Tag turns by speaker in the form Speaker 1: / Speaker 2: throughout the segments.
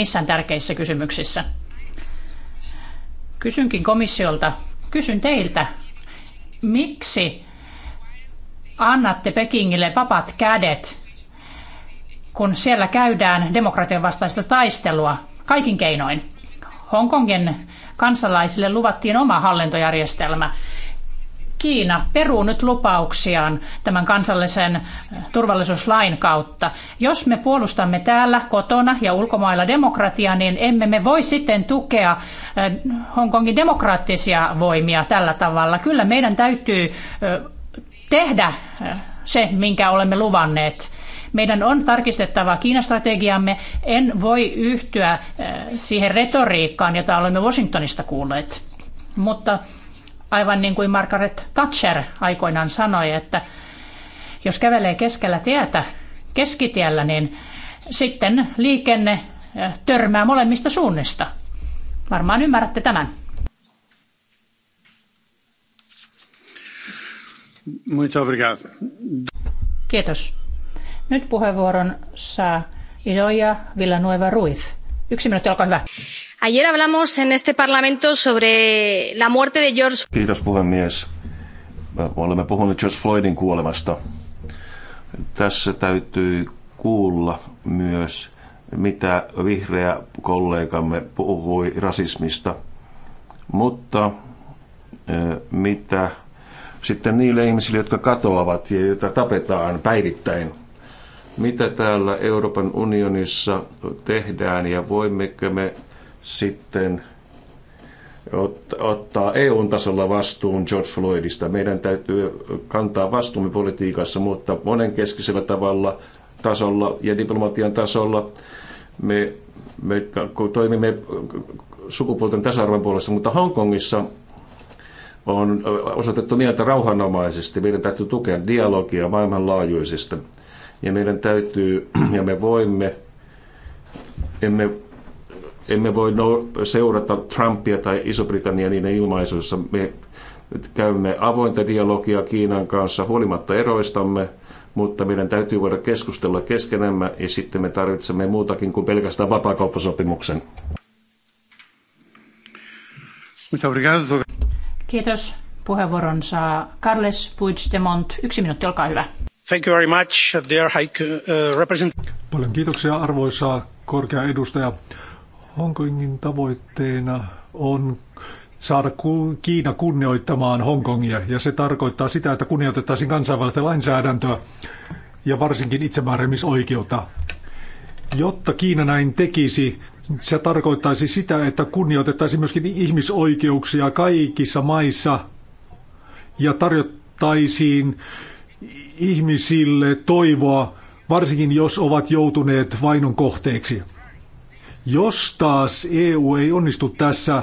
Speaker 1: missään tärkeissä kysymyksissä. Kysynkin komissiolta, kysyn teiltä, miksi annatte Pekingille vapat kädet, kun siellä käydään demokratian vastaista taistelua kaikin keinoin? Hongkongin kansalaisille luvattiin oma hallintojärjestelmä Kiina peruu nyt lupauksiaan tämän kansallisen äh, turvallisuuslain kautta. Jos me puolustamme täällä, kotona ja ulkomailla demokratiaa, niin emme me voi sitten tukea äh, Hongkongin demokraattisia voimia tällä tavalla. Kyllä meidän täytyy äh, tehdä se, minkä olemme luvanneet. Meidän on tarkistettava strategiamme. En voi yhtyä siihen retoriikkaan, jota olemme Washingtonista kuulleet. Mutta aivan niin kuin Margaret Thatcher aikoinaan sanoi, että jos kävelee keskellä tietä keskitiellä, niin sitten liikenne eh, törmää molemmista suunnista. Varmaan ymmärrätte tämän.
Speaker 2: Muito obrigado.
Speaker 1: Kiitos. Nyt puheenvuoron saa Idoja Villanueva Ruiz. Yksi minuutti, olkaa hyvä. Ayer hablamos en este parlamento sobre la muerte de George...
Speaker 3: Kiitos puhemies. olemme puhuneet George Floydin kuolemasta. Tässä täytyy kuulla myös, mitä vihreä kollegamme puhui rasismista. Mutta eh, mitä sitten niille ihmisille, jotka katoavat ja joita tapetaan päivittäin mitä täällä Euroopan unionissa tehdään ja voimmeko me sitten ottaa EU-tasolla vastuun George Floydista. Meidän täytyy kantaa vastuumme politiikassa, mutta monenkeskisellä tavalla, tasolla ja diplomatian tasolla me, me toimimme sukupuolten tasa-arvon puolesta, mutta Hongkongissa on osoitettu mieltä rauhanomaisesti. Meidän täytyy tukea dialogia maailmanlaajuisesti. Ja meidän täytyy, ja me voimme, emme, emme voi seurata Trumpia tai Iso-Britannia niiden ilmaisuissa. Me käymme avointa dialogia Kiinan kanssa huolimatta eroistamme, mutta meidän täytyy voida keskustella keskenämme ja sitten me tarvitsemme muutakin kuin pelkästään vapaakauppasopimuksen.
Speaker 1: Kiitos. Puheenvuoron saa Carles Puigdemont. Yksi minuutti, olkaa hyvä.
Speaker 4: Thank you very much, dear high uh, representative. Paljon kiitoksia arvoisa korkea edustaja. Hongkongin tavoitteena on saada Kiina kunnioittamaan Hongkongia, ja se tarkoittaa sitä, että kunnioitettaisiin kansainvälistä lainsäädäntöä ja varsinkin itsemääräämisoikeutta. Jotta Kiina näin tekisi, se tarkoittaisi sitä, että kunnioitettaisiin myöskin ihmisoikeuksia kaikissa maissa ja tarjottaisiin ihmisille toivoa, varsinkin jos ovat joutuneet vainon kohteeksi. Jos taas EU ei onnistu tässä,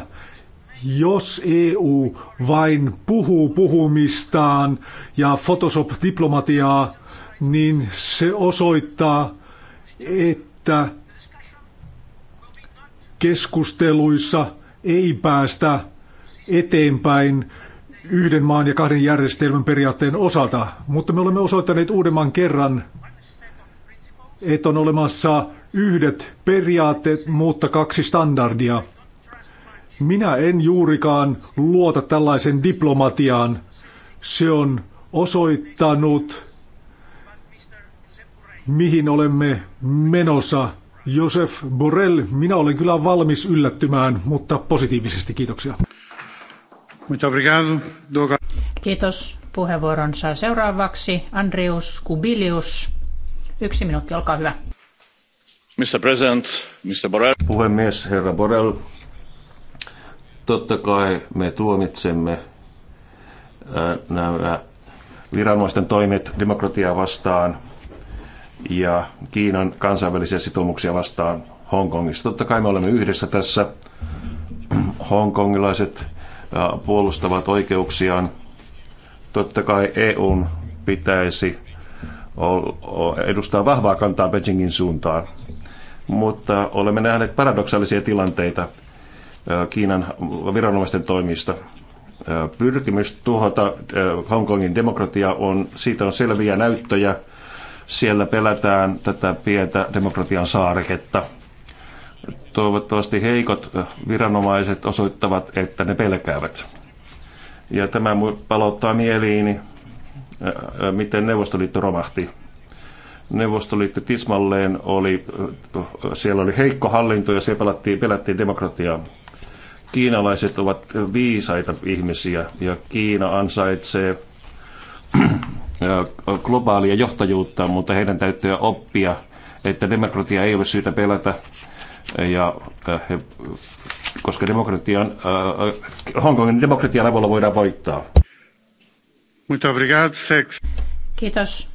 Speaker 4: jos EU vain puhuu puhumistaan ja Photoshop-diplomatiaa, niin se osoittaa, että keskusteluissa ei päästä eteenpäin yhden maan ja kahden järjestelmän periaatteen osalta, mutta me olemme osoittaneet uudemman kerran, että on olemassa yhdet periaatteet, mutta kaksi standardia. Minä en juurikaan luota tällaisen diplomatiaan. Se on osoittanut, mihin olemme menossa. Josef Borrell, minä olen kyllä valmis yllättymään, mutta positiivisesti kiitoksia.
Speaker 1: Kiitos puheenvuoronsa. Seuraavaksi Andreus Kubilius. Yksi minuutti, olkaa hyvä.
Speaker 3: Mr. President, Mr. Borrell. Puhemies, herra Borrell. Totta kai me tuomitsemme äh, nämä viranomaisten toimet demokratiaa vastaan ja Kiinan kansainvälisiä sitoumuksia vastaan Hongkongissa. Totta kai me olemme yhdessä tässä. Hongkongilaiset puolustavat oikeuksiaan. Totta kai EUn pitäisi edustaa vahvaa kantaa Beijingin suuntaan. Mutta olemme nähneet paradoksaalisia tilanteita Kiinan viranomaisten toimista. Pyrkimys tuhota Hongkongin demokratia on, siitä on selviä näyttöjä. Siellä pelätään tätä pientä demokratian saareketta – Toivottavasti heikot viranomaiset osoittavat, että ne pelkäävät. Ja tämä palauttaa mieliini, miten Neuvostoliitto romahti. Neuvostoliitto tismalleen oli, siellä oli heikko hallinto ja siellä pelattiin, pelättiin demokratiaa. Kiinalaiset ovat viisaita ihmisiä ja Kiina ansaitsee globaalia johtajuutta, mutta heidän täytyy oppia, että demokratia ei ole syytä pelätä ja äh, he, koska demokratian, äh, Hongkongin demokratian avulla voidaan voittaa.
Speaker 2: Muito obrigado,
Speaker 3: sex.
Speaker 1: Kiitos.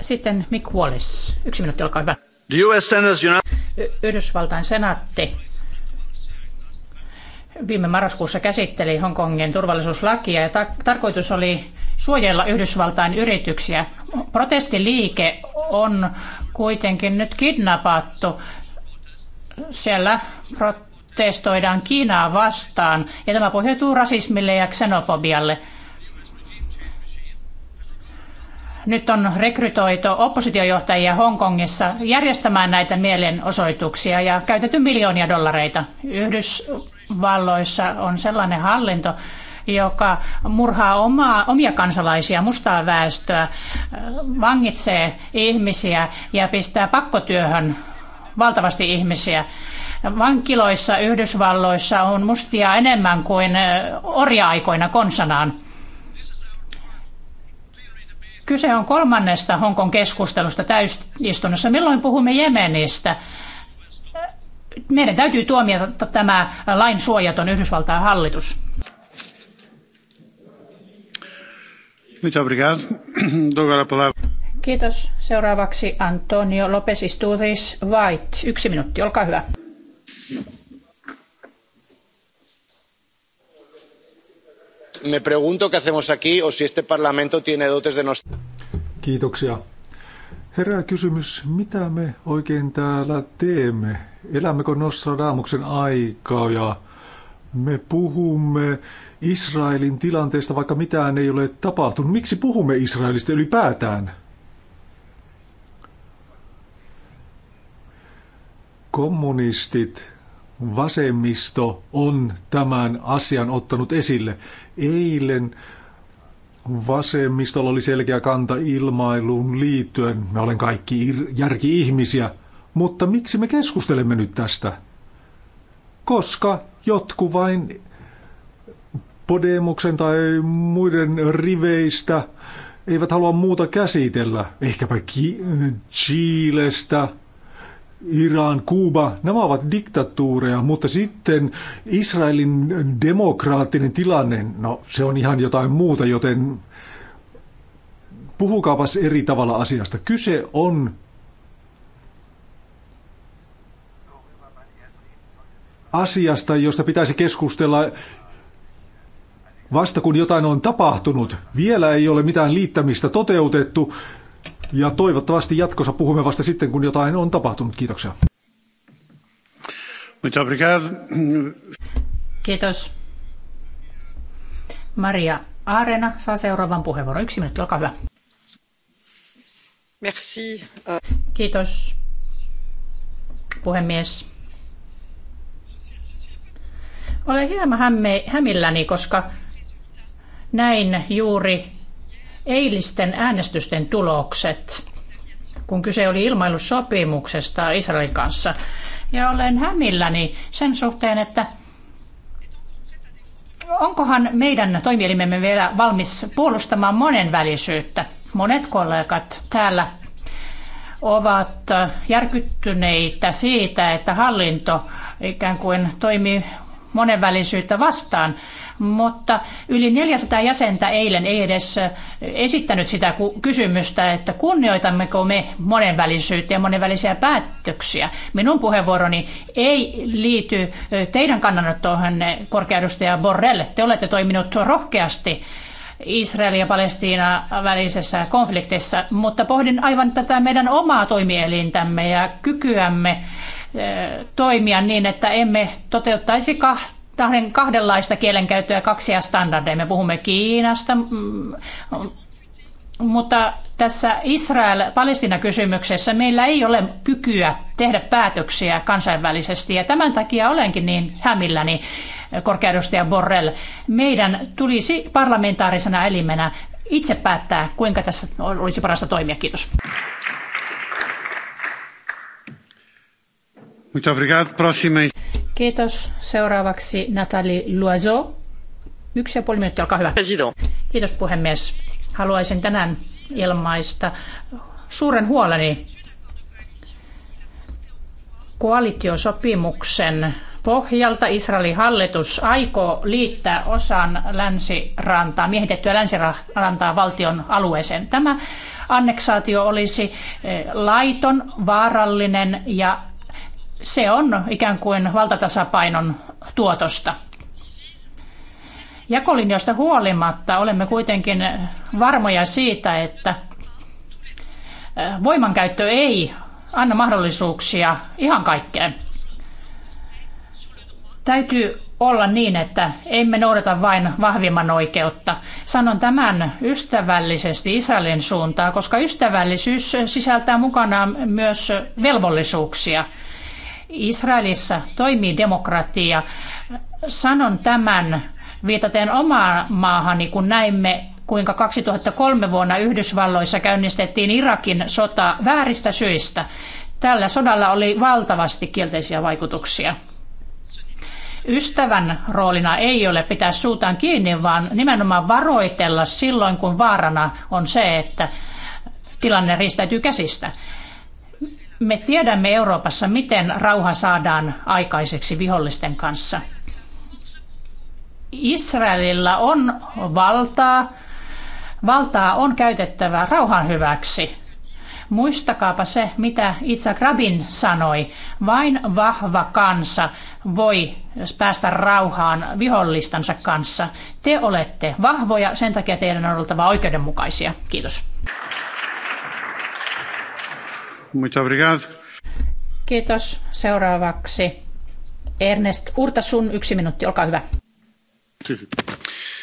Speaker 1: Sitten Mick Wallace. Yksi minuutti, olkaa hyvä. The US Senate,
Speaker 4: United...
Speaker 1: Yhdysvaltain senaatti viime marraskuussa käsitteli Hongkongin turvallisuuslakia ja ta- tarkoitus oli suojella Yhdysvaltain yrityksiä. Protestiliike on kuitenkin nyt kidnappattu. Siellä protestoidaan Kiinaa vastaan ja tämä pohjautuu rasismille ja xenofobialle. Nyt on rekrytoitu oppositiojohtajia Hongkongissa järjestämään näitä mielenosoituksia ja käytetty miljoonia dollareita. Yhdysvalloissa on sellainen hallinto, joka murhaa omaa, omia kansalaisia, mustaa väestöä, äh, vangitsee ihmisiä ja pistää pakkotyöhön valtavasti ihmisiä. Vankiloissa Yhdysvalloissa on mustia enemmän kuin äh, orja-aikoina konsanaan. Kyse on kolmannesta Hongkong keskustelusta täysistunnossa. Milloin puhumme Jemenistä? Meidän täytyy tuomita tämä lain suojaton Yhdysvaltain hallitus. Kiitos. Seuraavaksi Antonio Lopez Isturis White. Yksi minuutti, olkaa hyvä.
Speaker 3: Me pregunto qué hacemos aquí o si este parlamento tiene dotes de nos...
Speaker 4: Kiitoksia. Herää kysymys, mitä me oikein täällä teemme? Elämmekö Nostradamuksen aikaa ja me puhumme Israelin tilanteesta, vaikka mitään ei ole tapahtunut. Miksi puhumme Israelista ylipäätään? Kommunistit, vasemmisto on tämän asian ottanut esille. Eilen vasemmistolla oli selkeä kanta ilmailuun liittyen. Me olen kaikki järki-ihmisiä. Mutta miksi me keskustelemme nyt tästä? Koska jotkut vain Podemuksen tai muiden riveistä eivät halua muuta käsitellä. Ehkäpä Ki- Chilestä, Iran, Kuuba, nämä ovat diktatuureja, mutta sitten Israelin demokraattinen tilanne, no se on ihan jotain muuta, joten puhukaapas eri tavalla asiasta. Kyse on asiasta, josta pitäisi keskustella Vasta kun jotain on tapahtunut, vielä ei ole mitään liittämistä toteutettu ja toivottavasti jatkossa puhumme vasta sitten, kun jotain on tapahtunut. Kiitoksia.
Speaker 1: Kiitos. Maria Aarena saa seuraavan puheenvuoron. Yksi minuutti, olkaa hyvä. Merci. Kiitos, puhemies. Olen hieman hämme, hämilläni, koska näin juuri eilisten äänestysten tulokset, kun kyse oli ilmailusopimuksesta Israelin kanssa. Ja olen hämilläni sen suhteen, että onkohan meidän toimielimemme vielä valmis puolustamaan monenvälisyyttä. Monet kollegat täällä ovat järkyttyneitä siitä, että hallinto ikään kuin toimii monenvälisyyttä vastaan mutta yli 400 jäsentä eilen ei edes esittänyt sitä kysymystä, että kunnioitammeko me monenvälisyyttä ja monenvälisiä päätöksiä. Minun puheenvuoroni ei liity teidän kannanottoihanne, korkeadustaja Borrell. Te olette toiminut rohkeasti Israelin ja Palestiina välisessä konfliktissa, mutta pohdin aivan tätä meidän omaa toimielintämme ja kykyämme toimia niin, että emme toteuttaisi tahden kahdenlaista kielenkäyttöä, kaksia standardeja. Me puhumme Kiinasta, mm, mm, mutta tässä Israel-Palestina-kysymyksessä meillä ei ole kykyä tehdä päätöksiä kansainvälisesti ja tämän takia olenkin niin hämilläni korkeudustaja Borrell. Meidän tulisi parlamentaarisena elimenä itse päättää, kuinka tässä olisi parasta toimia. Kiitos. Kiitos. Seuraavaksi Nathalie Loiseau. Yksi ja puoli minuuttia, olkaa hyvä. Kiitos puhemies. Haluaisin tänään ilmaista suuren huoleni koalitiosopimuksen pohjalta Israelin hallitus aikoo liittää osan länsirantaa, miehitettyä länsirantaa valtion alueeseen. Tämä anneksaatio olisi laiton, vaarallinen ja se on ikään kuin valtatasapainon tuotosta. Jakolinjoista huolimatta olemme kuitenkin varmoja siitä, että voimankäyttö ei anna mahdollisuuksia ihan kaikkeen. Täytyy olla niin, että emme noudata vain vahvimman oikeutta. Sanon tämän ystävällisesti Israelin suuntaan, koska ystävällisyys sisältää mukanaan myös velvollisuuksia. Israelissa toimii demokratia. Sanon tämän viitaten omaan maahani, kun näimme kuinka 2003 vuonna Yhdysvalloissa käynnistettiin Irakin sota vääristä syistä. Tällä sodalla oli valtavasti kielteisiä vaikutuksia. Ystävän roolina ei ole pitää suutaan kiinni, vaan nimenomaan varoitella silloin, kun vaarana on se, että tilanne riistäytyy käsistä. Me tiedämme Euroopassa, miten rauha saadaan aikaiseksi vihollisten kanssa. Israelilla on valtaa. Valtaa on käytettävä rauhan hyväksi. Muistakaapa se, mitä Itzhak Rabin sanoi. Vain vahva kansa voi päästä rauhaan vihollistansa kanssa. Te olette vahvoja, sen takia teidän on oltava oikeudenmukaisia. Kiitos.
Speaker 2: Muito obrigado.
Speaker 1: Kiitos. Seuraavaksi Ernest Urtasun, yksi minuutti, olkaa hyvä.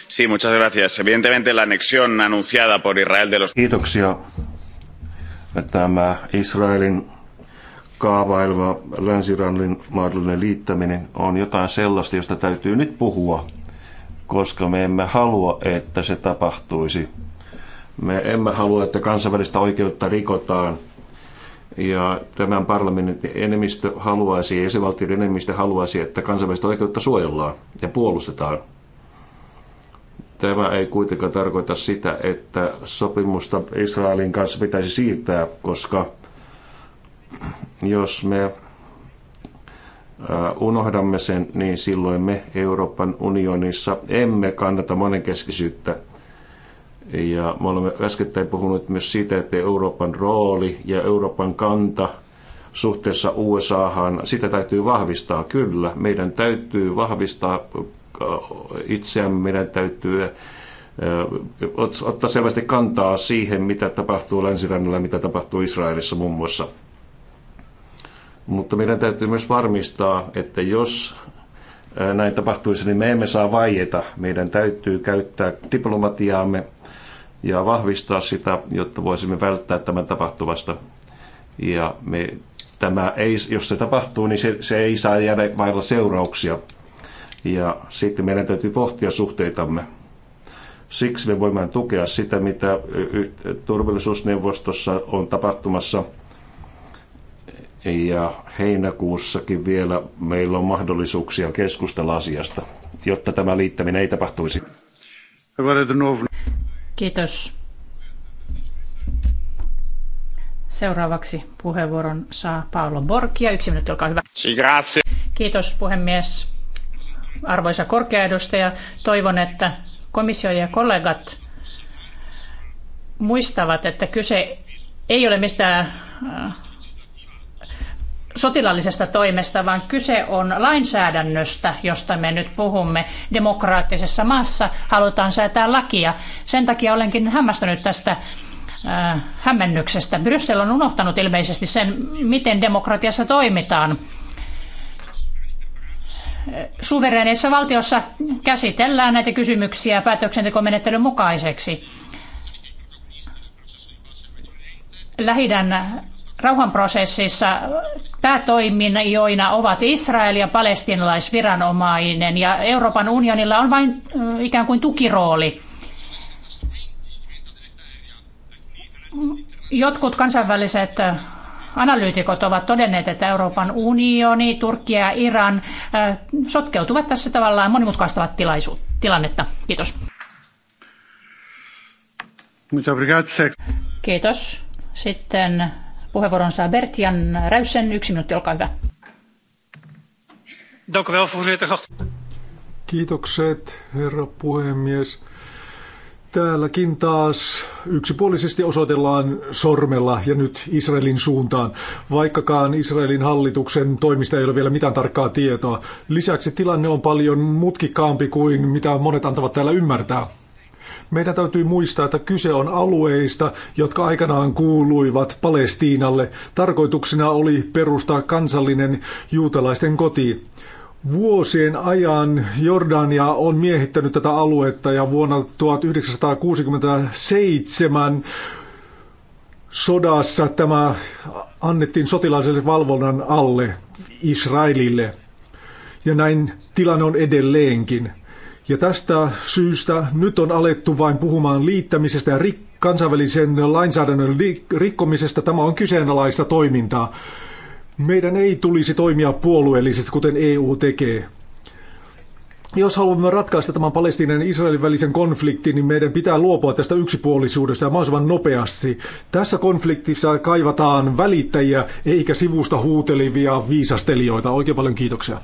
Speaker 3: Sí, muchas gracias. Evidentemente la anexión anunciada por Israel de los... Kiitoksia. Tämä Israelin kaavaileva länsirannin mahdollinen liittäminen on jotain sellaista, josta täytyy nyt puhua, koska me emme halua, että se tapahtuisi. Me emme halua, että kansainvälistä oikeutta rikotaan – ja tämän parlamentin enemmistö haluaisi, esivaltion enemmistö haluaisi, että kansainvälistä oikeutta suojellaan ja puolustetaan. Tämä ei kuitenkaan tarkoita sitä, että sopimusta Israelin kanssa pitäisi siirtää, koska jos me äh, unohdamme sen, niin silloin me Euroopan unionissa emme kannata monenkeskisyyttä – ja me olemme äskettäin puhuneet myös siitä, että Euroopan rooli ja Euroopan kanta suhteessa USAhan, sitä täytyy vahvistaa kyllä. Meidän täytyy vahvistaa äh, itseämme, meidän täytyy äh, ottaa selvästi kantaa siihen, mitä tapahtuu länsirannalla, mitä tapahtuu Israelissa muun muassa. Mutta meidän täytyy myös varmistaa, että jos näin tapahtuisi, niin me emme saa vaieta. Meidän täytyy käyttää diplomatiaamme ja vahvistaa sitä, jotta voisimme välttää tämän tapahtuvasta. Ja me, tämä ei, jos se tapahtuu, niin se, se ei saa jäädä vailla seurauksia. Ja sitten meidän täytyy pohtia suhteitamme. Siksi me voimme tukea sitä, mitä turvallisuusneuvostossa on tapahtumassa – ja heinäkuussakin vielä meillä on mahdollisuuksia keskustella asiasta, jotta tämä liittäminen ei tapahtuisi.
Speaker 1: Kiitos. Seuraavaksi puheenvuoron saa Paolo Borkia. Yksi minuutti, olkaa hyvä. Arvoisa Kiitos puhemies. Arvoisa korkeaedustaja, toivon, että komissio ja kollegat muistavat, että kyse ei ole mistään äh, sotilaallisesta toimesta, vaan kyse on lainsäädännöstä, josta me nyt puhumme. Demokraattisessa maassa halutaan säätää lakia. Sen takia olenkin hämmästynyt tästä äh, hämmennyksestä. Bryssel on unohtanut ilmeisesti sen, miten demokratiassa toimitaan. Suvereineissa valtiossa käsitellään näitä kysymyksiä päätöksentekomenettelyn mukaiseksi. Lähidän rauhanprosessissa päätoimijoina ovat Israel ja palestinalaisviranomainen ja Euroopan unionilla on vain ikään kuin tukirooli. Jotkut kansainväliset analyytikot ovat todenneet, että Euroopan unioni, Turkki ja Iran sotkeutuvat tässä tavallaan monimutkaistavat tilannetta. Kiitos. Kiitos. Sitten Puheenvuoron saa Bertian Räysen. Yksi minuutti, olkaa hyvä.
Speaker 4: Kiitokset, herra puhemies. Täälläkin taas yksipuolisesti osoitellaan sormella ja nyt Israelin suuntaan, vaikkakaan Israelin hallituksen toimista ei ole vielä mitään tarkkaa tietoa. Lisäksi tilanne on paljon mutkikkaampi kuin mitä monet antavat täällä ymmärtää. Meidän täytyy muistaa, että kyse on alueista, jotka aikanaan kuuluivat Palestiinalle. Tarkoituksena oli perustaa kansallinen juutalaisten koti. Vuosien ajan Jordania on miehittänyt tätä aluetta ja vuonna 1967 sodassa tämä annettiin sotilaiselle valvonnan alle Israelille. Ja näin tilanne on edelleenkin. Ja tästä syystä nyt on alettu vain puhumaan liittämisestä ja rik- kansainvälisen lainsäädännön rikkomisesta. Tämä on kyseenalaista toimintaa. Meidän ei tulisi toimia puolueellisesti, kuten EU tekee. Jos haluamme ratkaista tämän Palestiinan ja Israelin välisen konfliktin, niin meidän pitää luopua tästä yksipuolisuudesta ja mahdollisimman nopeasti. Tässä konfliktissa kaivataan välittäjiä eikä sivusta huutelivia viisastelijoita. Oikein paljon kiitoksia.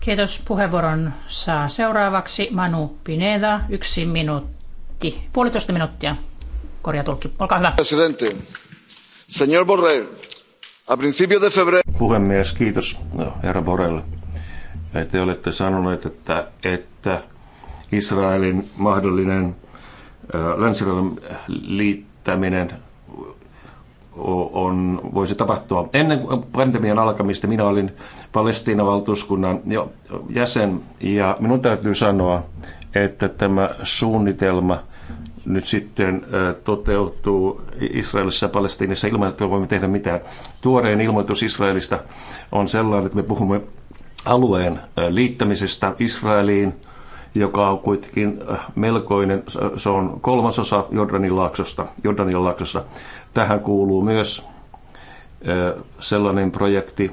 Speaker 1: Kiitos. Puheenvuoron saa seuraavaksi Manu Pineda. Yksi minuutti. Puolitoista minuuttia. Korjatulkki. Olkaa hyvä.
Speaker 3: Presidente. Señor Borrell. A principio de febrero... Puhemies, kiitos herra Borrell. Te olette sanoneet, että, että Israelin mahdollinen länsirajan liittäminen on, voisi tapahtua. Ennen pandemian alkamista minä olin Palestiinan valtuuskunnan jäsen ja minun täytyy sanoa, että tämä suunnitelma nyt sitten toteutuu Israelissa ja Palestiinissa ilman, että voimme tehdä mitään. Tuorein ilmoitus Israelista on sellainen, että me puhumme alueen liittämisestä Israeliin – joka on kuitenkin äh, melkoinen, se on kolmasosa Jordanin laaksosta, Jordanin laaksossa. Tähän kuuluu myös äh, sellainen projekti,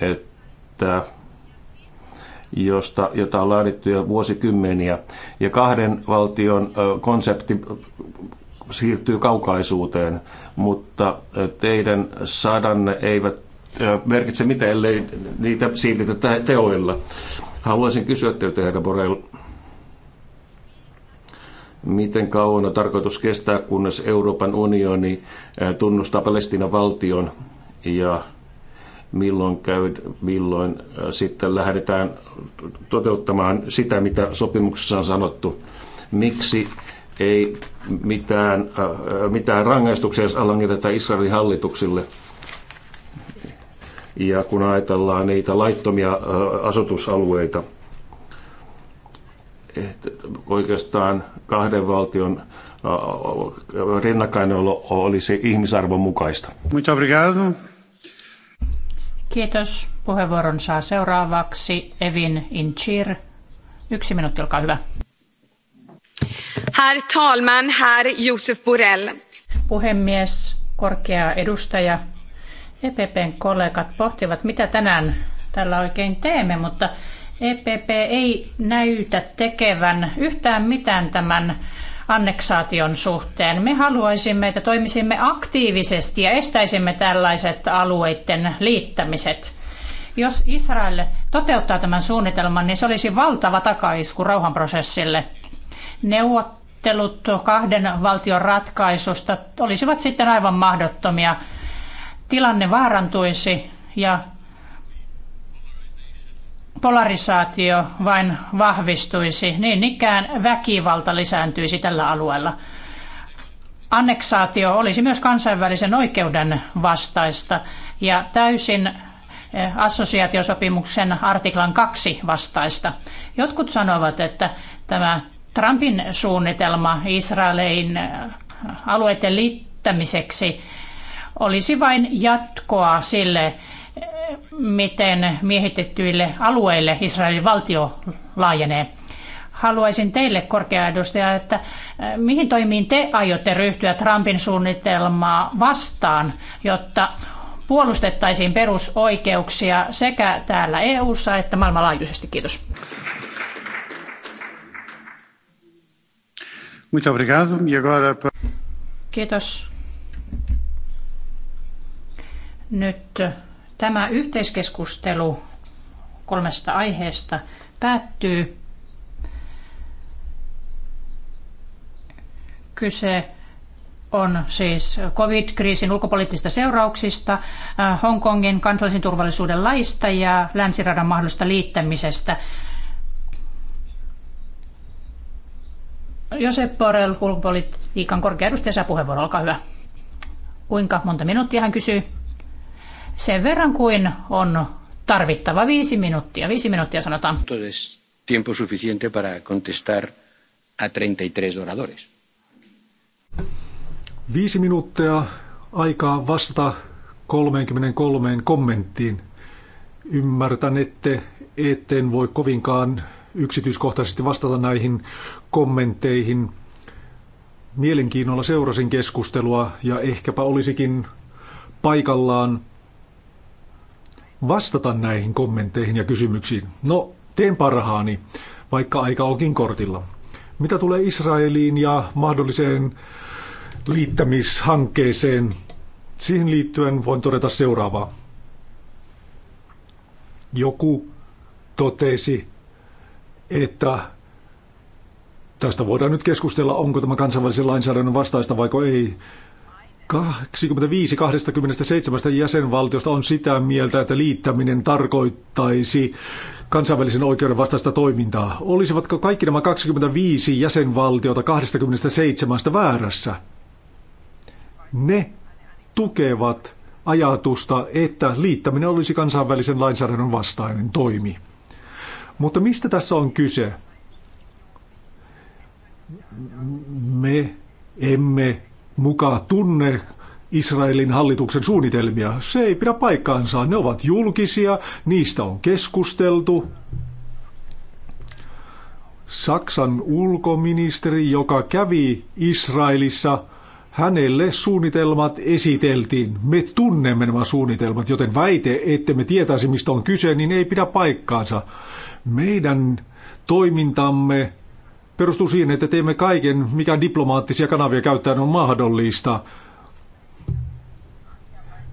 Speaker 3: että josta, jota on laadittu jo vuosikymmeniä. Ja kahden valtion äh, konsepti siirtyy kaukaisuuteen, mutta teidän sadanne eivät merkitse mitään, ellei niitä siirrytä teoilla. Haluaisin kysyä teiltä, herra Borrell, miten kauan on tarkoitus kestää, kunnes Euroopan unioni tunnustaa Palestinan valtion ja milloin, käy, milloin sitten lähdetään toteuttamaan sitä, mitä sopimuksessa on sanottu. Miksi ei mitään, mitään rangaistuksia langeteta Israelin hallituksille? ja kun ajatellaan niitä laittomia asutusalueita, että oikeastaan kahden valtion rinnakkainolo olisi ihmisarvon mukaista.
Speaker 1: Kiitos. Puheenvuoron saa seuraavaksi Evin Inchir. Yksi minuutti, olkaa hyvä. Herr talman, herr Josef Borrell. Puhemies, korkea edustaja, EPPn kollegat pohtivat, mitä tänään tällä oikein teemme, mutta EPP ei näytä tekevän yhtään mitään tämän anneksaation suhteen. Me haluaisimme, että toimisimme aktiivisesti ja estäisimme tällaiset alueiden liittämiset. Jos Israel toteuttaa tämän suunnitelman, niin se olisi valtava takaisku rauhanprosessille. Neuvottelut kahden valtion ratkaisusta olisivat sitten aivan mahdottomia tilanne vaarantuisi ja polarisaatio vain vahvistuisi, niin ikään väkivalta lisääntyisi tällä alueella. Anneksaatio olisi myös kansainvälisen oikeuden vastaista ja täysin eh, assosiaatiosopimuksen artiklan 2 vastaista. Jotkut sanovat, että tämä Trumpin suunnitelma Israelin eh, alueiden liittämiseksi olisi vain jatkoa sille, miten miehitettyille alueille Israelin valtio laajenee. Haluaisin teille, korkea edustaja, että äh, mihin toimiin te aiotte ryhtyä Trumpin suunnitelmaa vastaan, jotta puolustettaisiin perusoikeuksia sekä täällä EU:ssa että maailmanlaajuisesti. Kiitos.
Speaker 2: E
Speaker 1: Kiitos. Nyt tämä yhteiskeskustelu kolmesta aiheesta päättyy. Kyse on siis covid-kriisin ulkopoliittisista seurauksista, äh, Hongkongin kansallisen turvallisuuden laista ja länsiradan mahdollisesta liittämisestä. Josep Borrell, ulkopolitiikan korkea edustaja, saa puheenvuoron. Olkaa hyvä. Kuinka monta minuuttia hän kysyy? sen verran kuin on tarvittava viisi minuuttia. Viisi minuuttia sanotaan. Entonces,
Speaker 2: tiempo suficiente para contestar a 33 oradores.
Speaker 4: Viisi minuuttia aikaa vastata 33 kommenttiin. Ymmärtän, että etten voi kovinkaan yksityiskohtaisesti vastata näihin kommentteihin. Mielenkiinnolla seurasin keskustelua ja ehkäpä olisikin paikallaan vastata näihin kommentteihin ja kysymyksiin. No, teen parhaani, vaikka aika onkin kortilla. Mitä tulee Israeliin ja mahdolliseen liittämishankkeeseen, siihen liittyen voin todeta seuraavaa. Joku totesi, että tästä voidaan nyt keskustella, onko tämä kansainvälisen lainsäädännön vastaista vaiko ei. 25-27 jäsenvaltiosta on sitä mieltä, että liittäminen tarkoittaisi kansainvälisen oikeuden vastaista toimintaa. Olisivatko kaikki nämä 25 jäsenvaltiota 27 väärässä? Ne tukevat ajatusta, että liittäminen olisi kansainvälisen lainsäädännön vastainen toimi. Mutta mistä tässä on kyse? Me emme mukaan tunne Israelin hallituksen suunnitelmia. Se ei pidä paikkaansa. Ne ovat julkisia, niistä on keskusteltu. Saksan ulkoministeri, joka kävi Israelissa, hänelle suunnitelmat esiteltiin. Me tunnemme nämä suunnitelmat, joten väite, että me tietäisi mistä on kyse, niin ei pidä paikkaansa. Meidän toimintamme perustuu siihen, että teemme kaiken, mikä diplomaattisia kanavia käyttäen on mahdollista.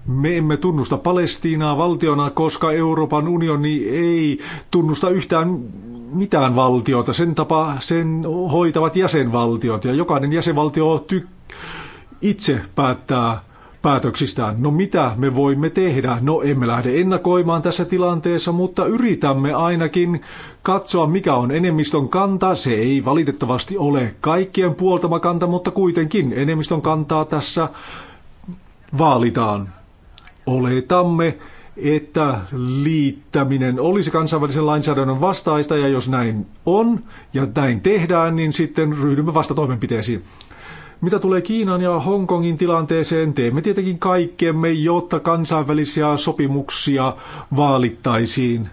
Speaker 4: Me emme tunnusta Palestiinaa valtiona, koska Euroopan unioni ei tunnusta yhtään mitään valtiota. Sen tapa sen hoitavat jäsenvaltiot ja jokainen jäsenvaltio tyk- itse päättää päätöksistään. No mitä me voimme tehdä? No emme lähde ennakoimaan tässä tilanteessa, mutta yritämme ainakin katsoa, mikä on enemmistön kanta. Se ei valitettavasti ole kaikkien puoltama kanta, mutta kuitenkin enemmistön kantaa tässä vaalitaan. Oletamme, että liittäminen olisi kansainvälisen lainsäädännön vastaista, ja jos näin on ja näin tehdään, niin sitten ryhdymme vastatoimenpiteisiin. Mitä tulee Kiinan ja Hongkongin tilanteeseen, teemme tietenkin kaikkemme, jotta kansainvälisiä sopimuksia vaalittaisiin.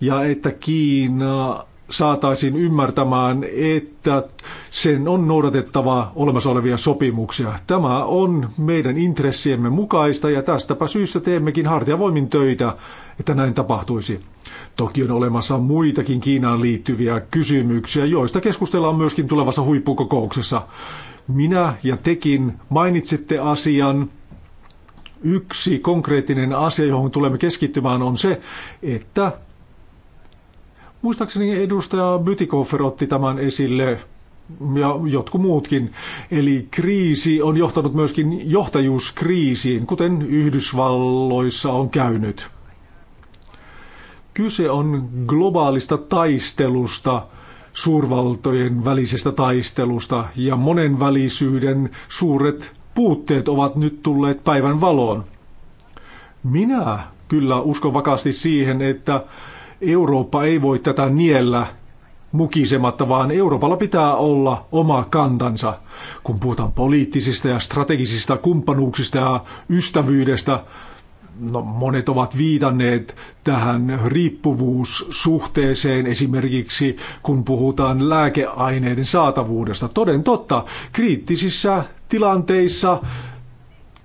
Speaker 4: Ja että Kiina saataisiin ymmärtämään, että sen on noudatettava olemassa olevia sopimuksia. Tämä on meidän intressiemme mukaista ja tästäpä syystä teemmekin hartiavoimin töitä, että näin tapahtuisi. Toki on olemassa muitakin Kiinaan liittyviä kysymyksiä, joista keskustellaan myöskin tulevassa huippukokouksessa. Minä ja tekin mainitsitte asian. Yksi konkreettinen asia, johon tulemme keskittymään, on se, että muistaakseni edustaja Bytikoffer otti tämän esille ja jotkut muutkin. Eli kriisi on johtanut myöskin johtajuuskriisiin, kuten Yhdysvalloissa on käynyt. Kyse on globaalista taistelusta – suurvaltojen välisestä taistelusta ja monenvälisyyden suuret puutteet ovat nyt tulleet päivän valoon. Minä kyllä uskon vakaasti siihen, että Eurooppa ei voi tätä niellä mukisematta, vaan Euroopalla pitää olla oma kantansa. Kun puhutaan poliittisista ja strategisista kumppanuuksista ja ystävyydestä, no, monet ovat viitanneet tähän riippuvuussuhteeseen esimerkiksi, kun puhutaan lääkeaineiden saatavuudesta. Toden totta, kriittisissä tilanteissa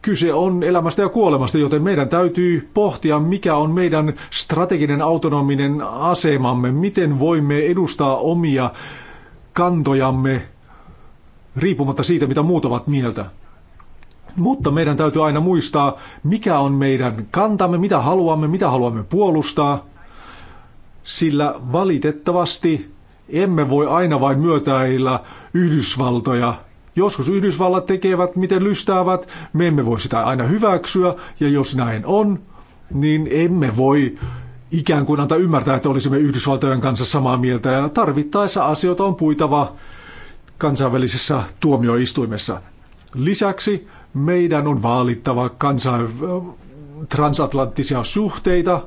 Speaker 4: kyse on elämästä ja kuolemasta, joten meidän täytyy pohtia, mikä on meidän strateginen autonominen asemamme, miten voimme edustaa omia kantojamme riippumatta siitä, mitä muut ovat mieltä. Mutta meidän täytyy aina muistaa, mikä on meidän kantamme, mitä haluamme, mitä haluamme puolustaa, sillä valitettavasti emme voi aina vain myötäillä Yhdysvaltoja. Joskus Yhdysvallat tekevät, miten lystäävät, me emme voi sitä aina hyväksyä, ja jos näin on, niin emme voi ikään kuin antaa ymmärtää, että olisimme Yhdysvaltojen kanssa samaa mieltä, ja tarvittaessa asioita on puitava kansainvälisessä tuomioistuimessa. Lisäksi meidän on vaalittava kansain, äh, transatlanttisia suhteita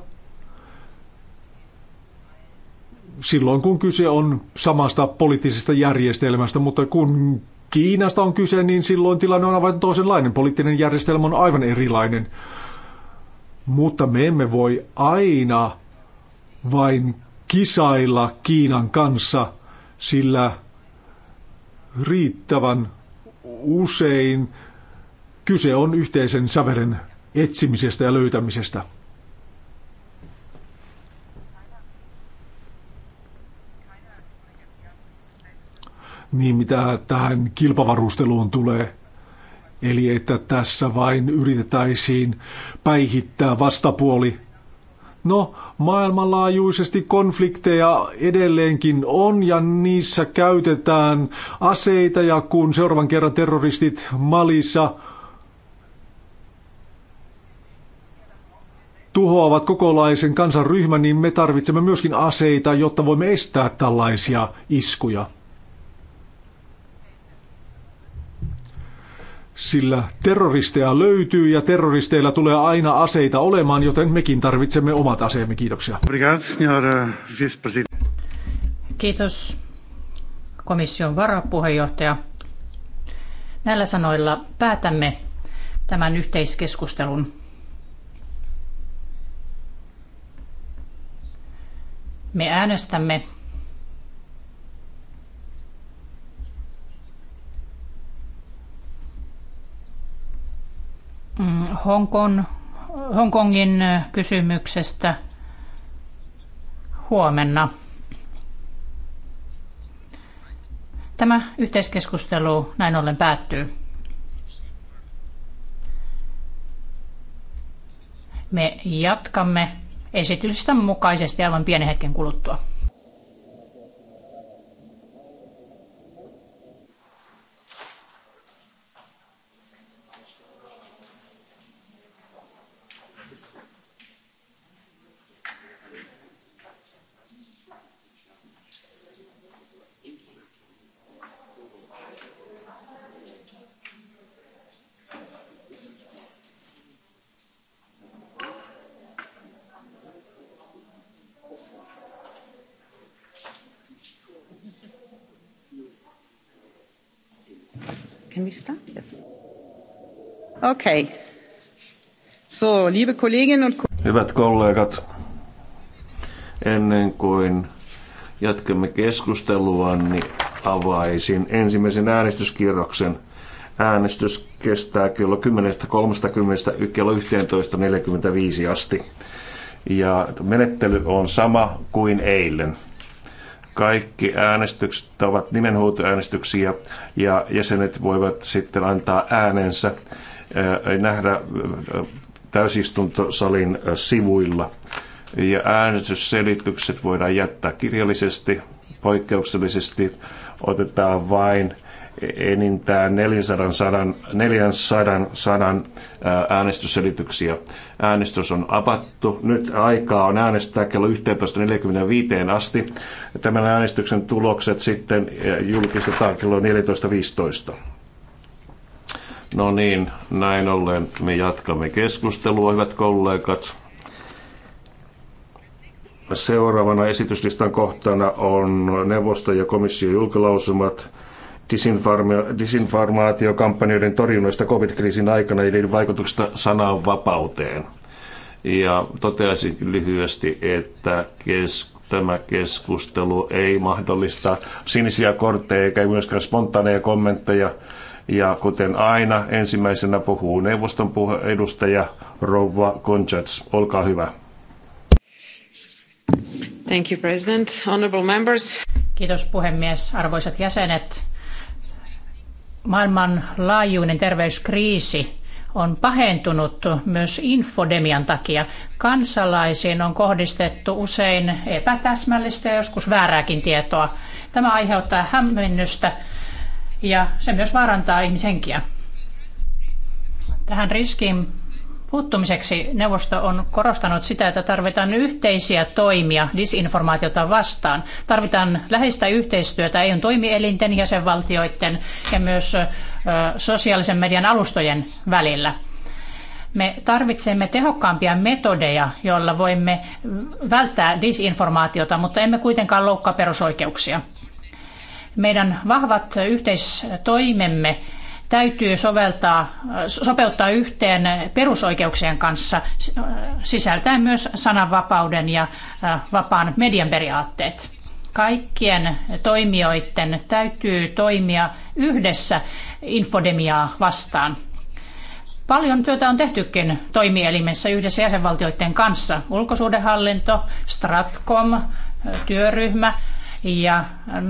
Speaker 4: silloin, kun kyse on samasta poliittisesta järjestelmästä, mutta kun Kiinasta on kyse, niin silloin tilanne on aivan toisenlainen. Poliittinen järjestelmä on aivan erilainen. Mutta me emme voi aina vain kisailla Kiinan kanssa, sillä riittävän usein Kyse on yhteisen säveren etsimisestä ja löytämisestä. Niin mitä tähän kilpavarusteluun tulee, eli että tässä vain yritettäisiin päihittää vastapuoli. No, maailmanlaajuisesti konflikteja edelleenkin on ja niissä käytetään aseita ja kun seuraavan kerran terroristit Malissa – tuhoavat kokolaisen kansanryhmän, niin me tarvitsemme myöskin aseita, jotta voimme estää tällaisia iskuja. Sillä terroristeja löytyy ja terroristeilla tulee aina aseita olemaan, joten mekin tarvitsemme omat aseemme. Kiitoksia.
Speaker 1: Kiitos komission varapuheenjohtaja. Näillä sanoilla päätämme tämän yhteiskeskustelun. Me äänestämme mm, Hong Kongin kysymyksestä huomenna. Tämä yhteiskeskustelu näin ollen päättyy. Me jatkamme esityksestä mukaisesti aivan pienen hetken kuluttua. Can we start? Yes. Okay. So, liebe Kolleginnen und
Speaker 3: Hyvät kollegat, ennen kuin jatkamme keskustelua, niin avaisin ensimmäisen äänestyskierroksen. Äänestys kestää kello 10.30 kello 11.45 asti. Ja menettely on sama kuin eilen. Kaikki äänestykset ovat nimenhuutoäänestyksiä ja jäsenet voivat sitten antaa äänensä nähdä täysistuntosalin sivuilla. Ja äänestysselitykset voidaan jättää kirjallisesti, poikkeuksellisesti otetaan vain enintään 400 sadan, 400 sadan äänestysselityksiä. Äänestys on apattu. Nyt aikaa on äänestää kello 11.45 asti. Tämän äänestyksen tulokset sitten julkistetaan kello 14.15. No niin, näin ollen me jatkamme keskustelua, hyvät kollegat. Seuraavana esityslistan kohtana on neuvosto ja komission julkilausumat disinforma- disinformaatiokampanjoiden torjunnoista COVID-kriisin aikana ja niiden vaikutuksesta sananvapauteen. Ja toteaisin lyhyesti, että kes- tämä keskustelu ei mahdollista sinisiä kortteja eikä myöskään spontaaneja kommentteja. Ja kuten aina, ensimmäisenä puhuu neuvoston edustaja Rouva Konchats. Olkaa hyvä.
Speaker 1: Thank you, President. Honorable members. Kiitos puhemies, arvoisat jäsenet maailmanlaajuinen terveyskriisi on pahentunut myös infodemian takia. Kansalaisiin on kohdistettu usein epätäsmällistä ja joskus väärääkin tietoa. Tämä aiheuttaa hämmennystä ja se myös vaarantaa ihmishenkiä. Tähän riskiin puuttumiseksi neuvosto on korostanut sitä, että tarvitaan yhteisiä toimia disinformaatiota vastaan. Tarvitaan läheistä yhteistyötä EUn toimielinten, jäsenvaltioiden ja myös sosiaalisen median alustojen välillä. Me tarvitsemme tehokkaampia metodeja, joilla voimme välttää disinformaatiota, mutta emme kuitenkaan loukkaa perusoikeuksia. Meidän vahvat yhteistoimemme täytyy soveltaa, sopeuttaa yhteen perusoikeuksien kanssa sisältäen myös sananvapauden ja äh, vapaan median periaatteet. Kaikkien toimijoiden täytyy toimia yhdessä infodemiaa vastaan. Paljon työtä on tehtykin toimielimessä yhdessä jäsenvaltioiden kanssa. Ulkosuudenhallinto, Stratcom, äh, työryhmä, ja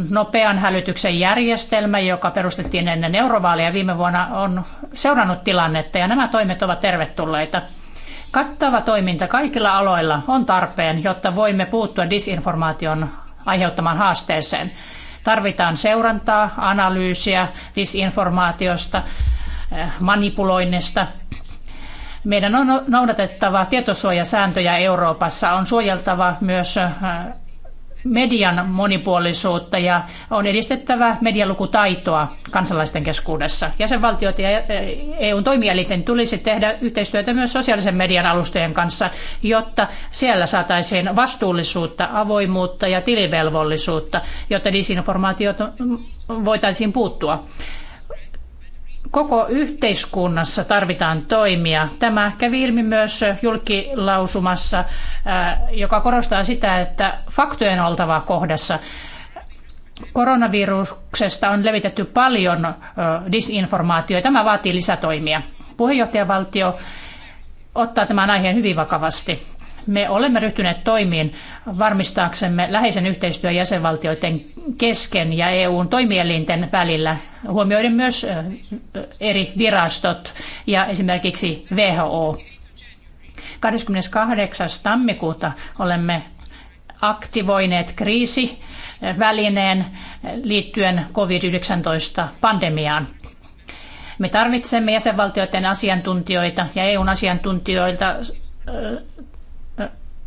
Speaker 1: nopean hälytyksen järjestelmä, joka perustettiin ennen eurovaaleja viime vuonna, on seurannut tilannetta ja nämä toimet ovat tervetulleita. Kattava toiminta kaikilla aloilla on tarpeen, jotta voimme puuttua disinformaation aiheuttamaan haasteeseen. Tarvitaan seurantaa, analyysiä disinformaatiosta, eh, manipuloinnista. Meidän on noudatettava tietosuojasääntöjä Euroopassa, on suojeltava myös eh, median monipuolisuutta ja on edistettävä medialukutaitoa kansalaisten keskuudessa. Jäsenvaltiot ja eh, EUn toimielinten tulisi tehdä yhteistyötä myös sosiaalisen median alustojen kanssa, jotta siellä saataisiin vastuullisuutta, avoimuutta ja tilivelvollisuutta, jotta disinformaatiota voitaisiin puuttua. Koko yhteiskunnassa tarvitaan toimia. Tämä kävi ilmi myös julkilausumassa, äh, joka korostaa sitä, että faktojen oltava kohdassa. Koronaviruksesta on levitetty paljon äh, disinformaatiota. Tämä vaatii lisätoimia. Puheenjohtajavaltio ottaa tämän aiheen hyvin vakavasti me olemme ryhtyneet toimiin varmistaaksemme läheisen yhteistyön jäsenvaltioiden kesken ja EUn toimielinten välillä, huomioiden myös eri virastot ja esimerkiksi WHO. 28. tammikuuta olemme aktivoineet kriisivälineen liittyen COVID-19-pandemiaan. Me tarvitsemme jäsenvaltioiden asiantuntijoita ja EUn asiantuntijoilta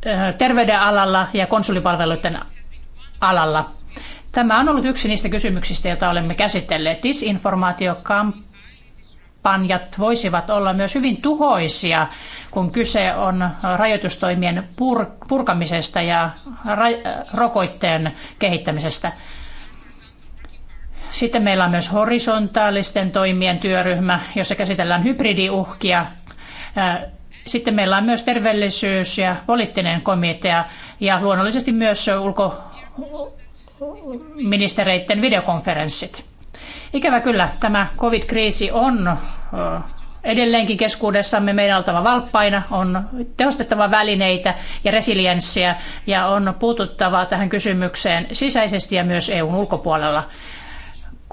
Speaker 1: Äh, terveyden alalla ja konsulipalveluiden alalla. Tämä on ollut yksi niistä kysymyksistä, joita olemme käsitelleet. Disinformaatiokampanjat voisivat olla myös hyvin tuhoisia, kun kyse on rajoitustoimien purkamisesta ja rokotteen kehittämisestä. Sitten meillä on myös horisontaalisten toimien työryhmä, jossa käsitellään hybridiuhkia, äh, sitten meillä on myös terveellisyys- ja poliittinen komitea ja luonnollisesti myös ulkoministereiden videokonferenssit. Ikävä kyllä tämä covid-kriisi on edelleenkin keskuudessamme meidän oltava valppaina, on tehostettava välineitä ja resilienssiä ja on puututtava tähän kysymykseen sisäisesti ja myös EUn ulkopuolella.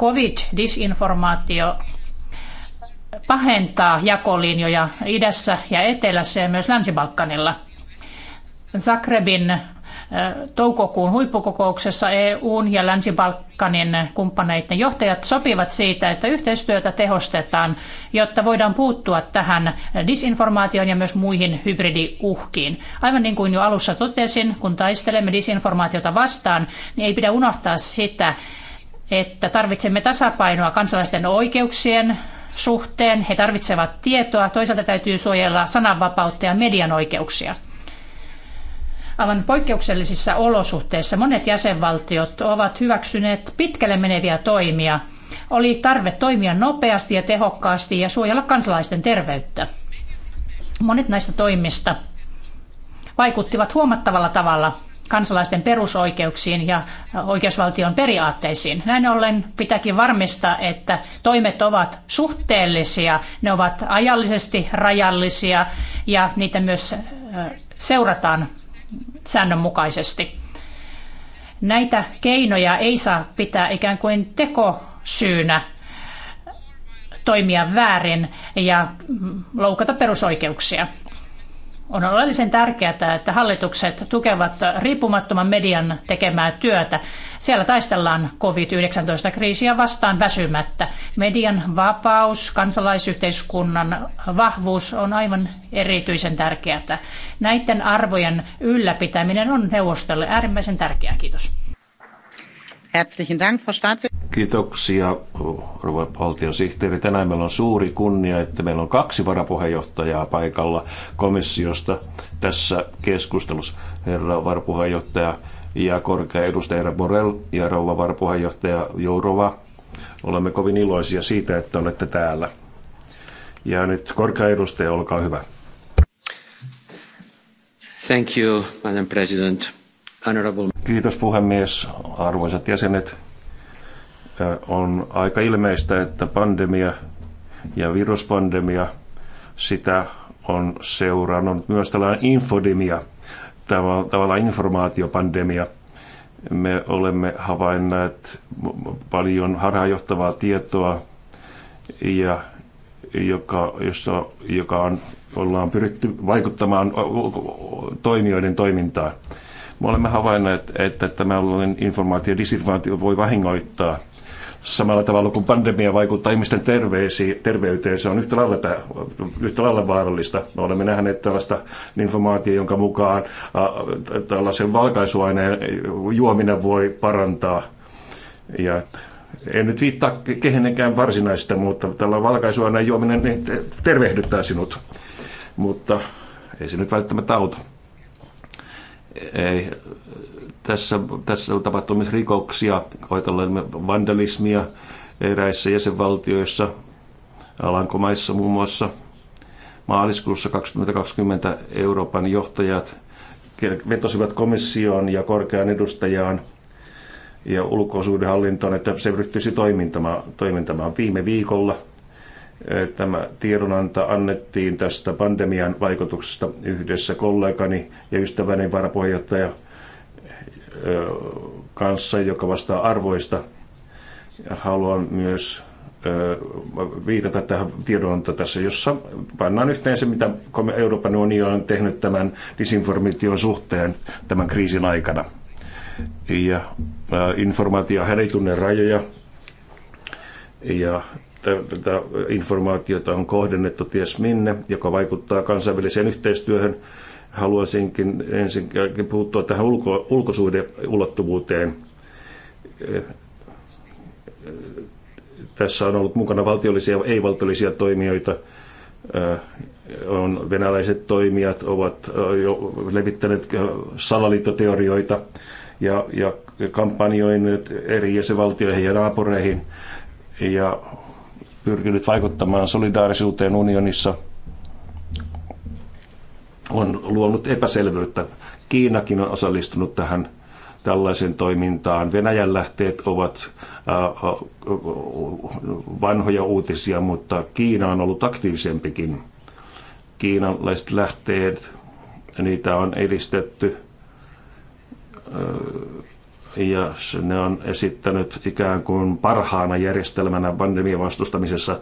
Speaker 1: Covid-disinformaatio pahentaa jakolinjoja idässä ja etelässä ja myös Länsi-Balkanilla. Zagrebin toukokuun huippukokouksessa EUn ja Länsi-Balkanin kumppaneiden johtajat sopivat siitä, että yhteistyötä tehostetaan, jotta voidaan puuttua tähän disinformaatioon ja myös muihin hybridiuhkiin. Aivan niin kuin jo alussa totesin, kun taistelemme disinformaatiota vastaan, niin ei pidä unohtaa sitä, että tarvitsemme tasapainoa kansalaisten oikeuksien, suhteen. He tarvitsevat tietoa. Toisaalta täytyy suojella sananvapautta ja median oikeuksia. Aivan poikkeuksellisissa olosuhteissa monet jäsenvaltiot ovat hyväksyneet pitkälle meneviä toimia. Oli tarve toimia nopeasti ja tehokkaasti ja suojella kansalaisten terveyttä. Monet näistä toimista vaikuttivat huomattavalla tavalla kansalaisten perusoikeuksiin ja oikeusvaltion periaatteisiin. Näin ollen pitääkin varmistaa, että toimet ovat suhteellisia, ne ovat ajallisesti rajallisia ja niitä myös seurataan säännönmukaisesti. Näitä keinoja ei saa pitää ikään kuin tekosyynä toimia väärin ja loukata perusoikeuksia. On oleellisen tärkeää, että hallitukset tukevat riippumattoman median tekemää työtä. Siellä taistellaan COVID-19-kriisiä vastaan väsymättä. Median vapaus, kansalaisyhteiskunnan vahvuus on aivan erityisen tärkeää. Näiden arvojen ylläpitäminen on neuvostolle äärimmäisen tärkeää. Kiitos. Herzlichen Dank, Frau Staatssekretärin.
Speaker 3: Kiitoksia, rouva valtiosihteeri. Tänään meillä on suuri kunnia, että meillä on kaksi varapuheenjohtajaa paikalla komissiosta tässä keskustelussa. Herra varapuheenjohtaja ja korkea edustaja herra Borrell ja rouva varapuheenjohtaja Jourova. Olemme kovin iloisia siitä, että olette täällä. Ja nyt korkea edustaja, olkaa hyvä. Thank you, Madam President. Kiitos puhemies, arvoisat jäsenet. On aika ilmeistä, että pandemia ja viruspandemia, sitä on seurannut myös tällainen infodemia, tavallaan informaatiopandemia. Me olemme havainneet paljon harhaanjohtavaa tietoa, ja joka, josta, joka on, ollaan pyritty vaikuttamaan toimijoiden toimintaan me olemme havainneet, että tällainen informaatio disinformaatio voi vahingoittaa samalla tavalla kuin pandemia vaikuttaa ihmisten terveyteen, se on yhtä lailla, tämä, yhtä lailla vaarallista. Me olemme nähneet tällaista informaatiota, jonka mukaan tällaisen valkaisuaineen juominen voi parantaa. Ja en nyt viittaa kehenkään varsinaista, mutta tällä valkaisuaineen juominen niin tervehdyttää sinut. Mutta ei se nyt välttämättä auta. Ei, tässä, tässä tapahtuu myös rikoksia, ajatellaan vandalismia eräissä jäsenvaltioissa, Alankomaissa muun muassa. Maaliskuussa 2020 Euroopan johtajat vetosivat komissioon ja korkean edustajaan ja ulkoisuudenhallintoon, että se ryhtyisi toimintamaan, toimintamaan viime viikolla – Eh, tämä tiedonanta annettiin tästä pandemian vaikutuksesta yhdessä kollegani ja ystäväni varapuheenjohtaja eh, kanssa, joka vastaa arvoista. Haluan myös eh, viitata tähän tiedonantoon tässä, jossa pannaan yhteen se, mitä Euroopan unioni on tehnyt tämän disinformaation suhteen tämän kriisin aikana. Ja informaatio ei tunne rajoja ja tätä informaatiota on kohdennettu ties minne, joka vaikuttaa kansainväliseen yhteistyöhön. Haluaisinkin ensin puuttua tähän ulko, ulkosuhdeulottuvuuteen. Tässä on ollut mukana valtiollisia ja ei-valtiollisia toimijoita. On, venäläiset toimijat ovat jo levittäneet salaliittoteorioita ja, ja kampanjoineet eri jäsenvaltioihin ja naapureihin. Ja pyrkinyt vaikuttamaan solidaarisuuteen unionissa, on luonut epäselvyyttä. Kiinakin on osallistunut tähän tällaiseen toimintaan. Venäjän lähteet ovat vanhoja uutisia, mutta Kiina on ollut aktiivisempikin. Kiinalaiset lähteet, niitä on edistetty ja ne on esittänyt ikään kuin parhaana järjestelmänä pandemian vastustamisessa.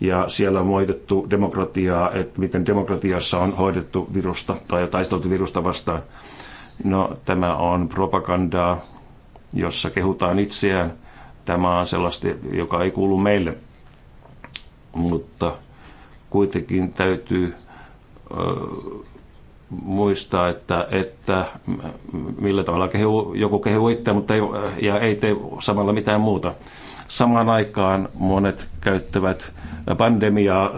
Speaker 3: Ja siellä on moitettu demokratiaa, että miten demokratiassa on hoidettu virusta tai taisteltu virusta vastaan. No tämä on propagandaa, jossa kehutaan itseään. Tämä on sellaista, joka ei kuulu meille. Mutta kuitenkin täytyy muistaa, että, että millä tavalla kehu, joku kehuu itse, mutta ei, ja ei tee samalla mitään muuta. Samaan aikaan monet käyttävät pandemiaa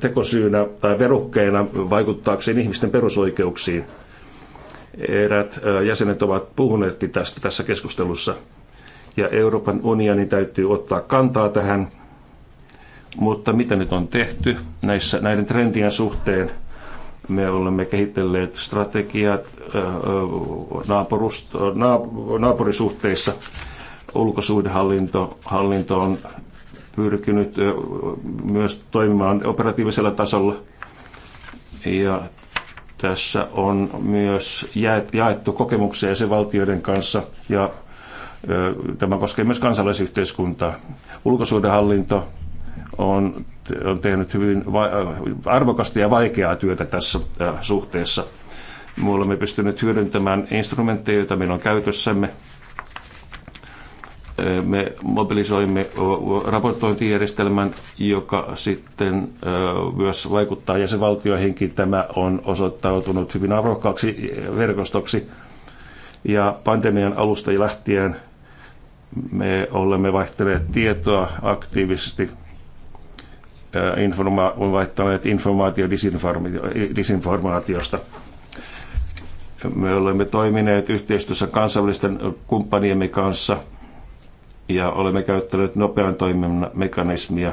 Speaker 3: tekosyynä tai verukkeena vaikuttaakseen ihmisten perusoikeuksiin. Erät jäsenet ovat puhuneetkin tästä tässä keskustelussa. Ja Euroopan unioni täytyy ottaa kantaa tähän. Mutta mitä nyt on tehty näissä, näiden trendien suhteen – me olemme kehitelleet strategiat naapurisuhteissa. Ulkosuhdehallinto hallinto on pyrkinyt myös toimimaan operatiivisella tasolla. Ja tässä on myös jaettu kokemuksia jäsenvaltioiden kanssa ja tämä koskee myös kansalaisyhteiskuntaa. Ulkosuhdehallinto on on tehnyt hyvin arvokasta ja vaikeaa työtä tässä äh, suhteessa. Me olemme pystyneet hyödyntämään instrumentteja, joita meillä on käytössämme. Äh, me mobilisoimme raportointijärjestelmän, joka sitten myös vaikuttaa jäsenvaltioihinkin. Tämä on osoittautunut hyvin arvokkaaksi äh, verkostoksi. Ja pandemian alusta lähtien me olemme vaihtaneet tietoa aktiivisesti Äh, informa- vaihtaneet informaatio disinformaatiosta. Me olemme toimineet yhteistyössä kansainvälisten kumppaniemme kanssa ja olemme käyttäneet nopean toiminnan mekanismia.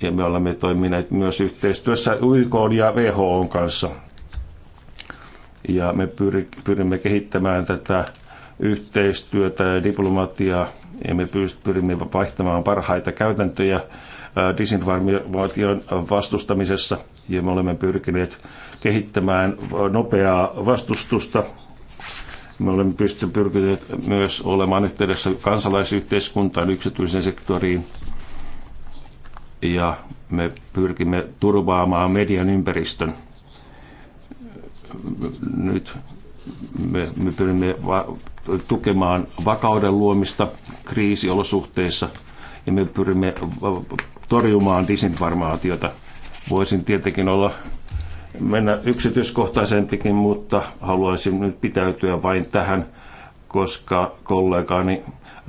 Speaker 3: Ja me olemme toimineet myös yhteistyössä YK ja WHO kanssa. Ja me pyrimme kehittämään tätä yhteistyötä ja diplomatiaa ja me pyrimme vaihtamaan parhaita käytäntöjä disinformaation vastustamisessa ja me olemme pyrkineet kehittämään nopeaa vastustusta. Me olemme pyrkineet myös olemaan yhteydessä kansalaisyhteiskuntaan, yksityisen sektoriin ja me pyrkimme turvaamaan median ympäristön. Nyt me, me pyrimme va- tukemaan vakauden luomista kriisiolosuhteissa – ja me pyrimme torjumaan disinformaatiota. Voisin tietenkin olla mennä yksityiskohtaisempikin, mutta haluaisin nyt pitäytyä vain tähän, koska kollegaani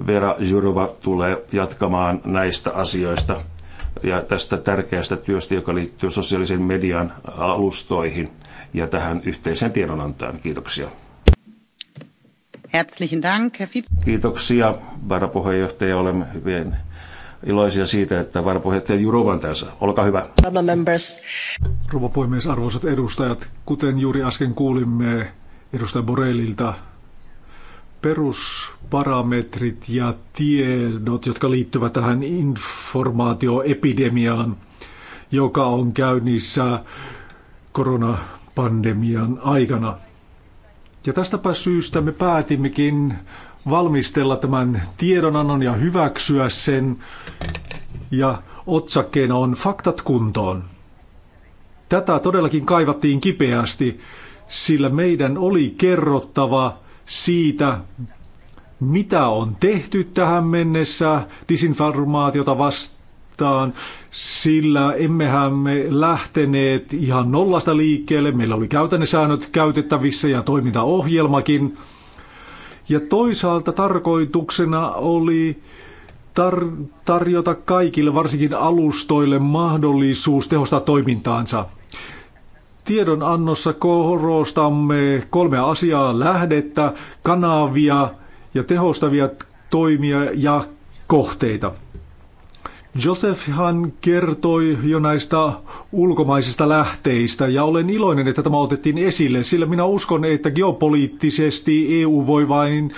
Speaker 3: Vera Jurova tulee jatkamaan näistä asioista ja tästä tärkeästä työstä, joka liittyy sosiaalisen median alustoihin ja tähän yhteiseen tiedonantaan. Kiitoksia.
Speaker 1: Herzlichen Dank, Herr
Speaker 3: Kiitoksia, varapuheenjohtaja. Olemme hyvin iloisia siitä, että varapuheenjohtaja Jurova on tässä. Olkaa hyvä.
Speaker 4: Rouva puhemies, arvoisat edustajat, kuten juuri äsken kuulimme edustaja Borelilta, perusparametrit ja tiedot, jotka liittyvät tähän informaatioepidemiaan, joka on käynnissä koronapandemian aikana. Ja tästäpä syystä me päätimmekin valmistella tämän tiedonannon ja hyväksyä sen. Ja otsakkeena on faktat kuntoon. Tätä todellakin kaivattiin kipeästi, sillä meidän oli kerrottava siitä, mitä on tehty tähän mennessä disinformaatiota vastaan, sillä emmehän me lähteneet ihan nollasta liikkeelle. Meillä oli käytännössäännöt käytettävissä ja toimintaohjelmakin – ja toisaalta tarkoituksena oli tar- tarjota kaikille, varsinkin alustoille, mahdollisuus tehostaa toimintaansa. Tiedonannossa korostamme kolmea asiaa, lähdettä, kanavia ja tehostavia toimia ja kohteita. Josefhan kertoi jo näistä ulkomaisista lähteistä ja olen iloinen, että tämä otettiin esille, sillä minä uskon, että geopoliittisesti EU voi vain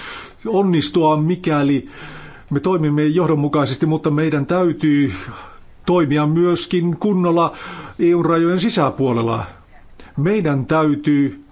Speaker 4: onnistua, mikäli me toimimme johdonmukaisesti, mutta meidän täytyy toimia myöskin kunnolla EU-rajojen sisäpuolella. Meidän täytyy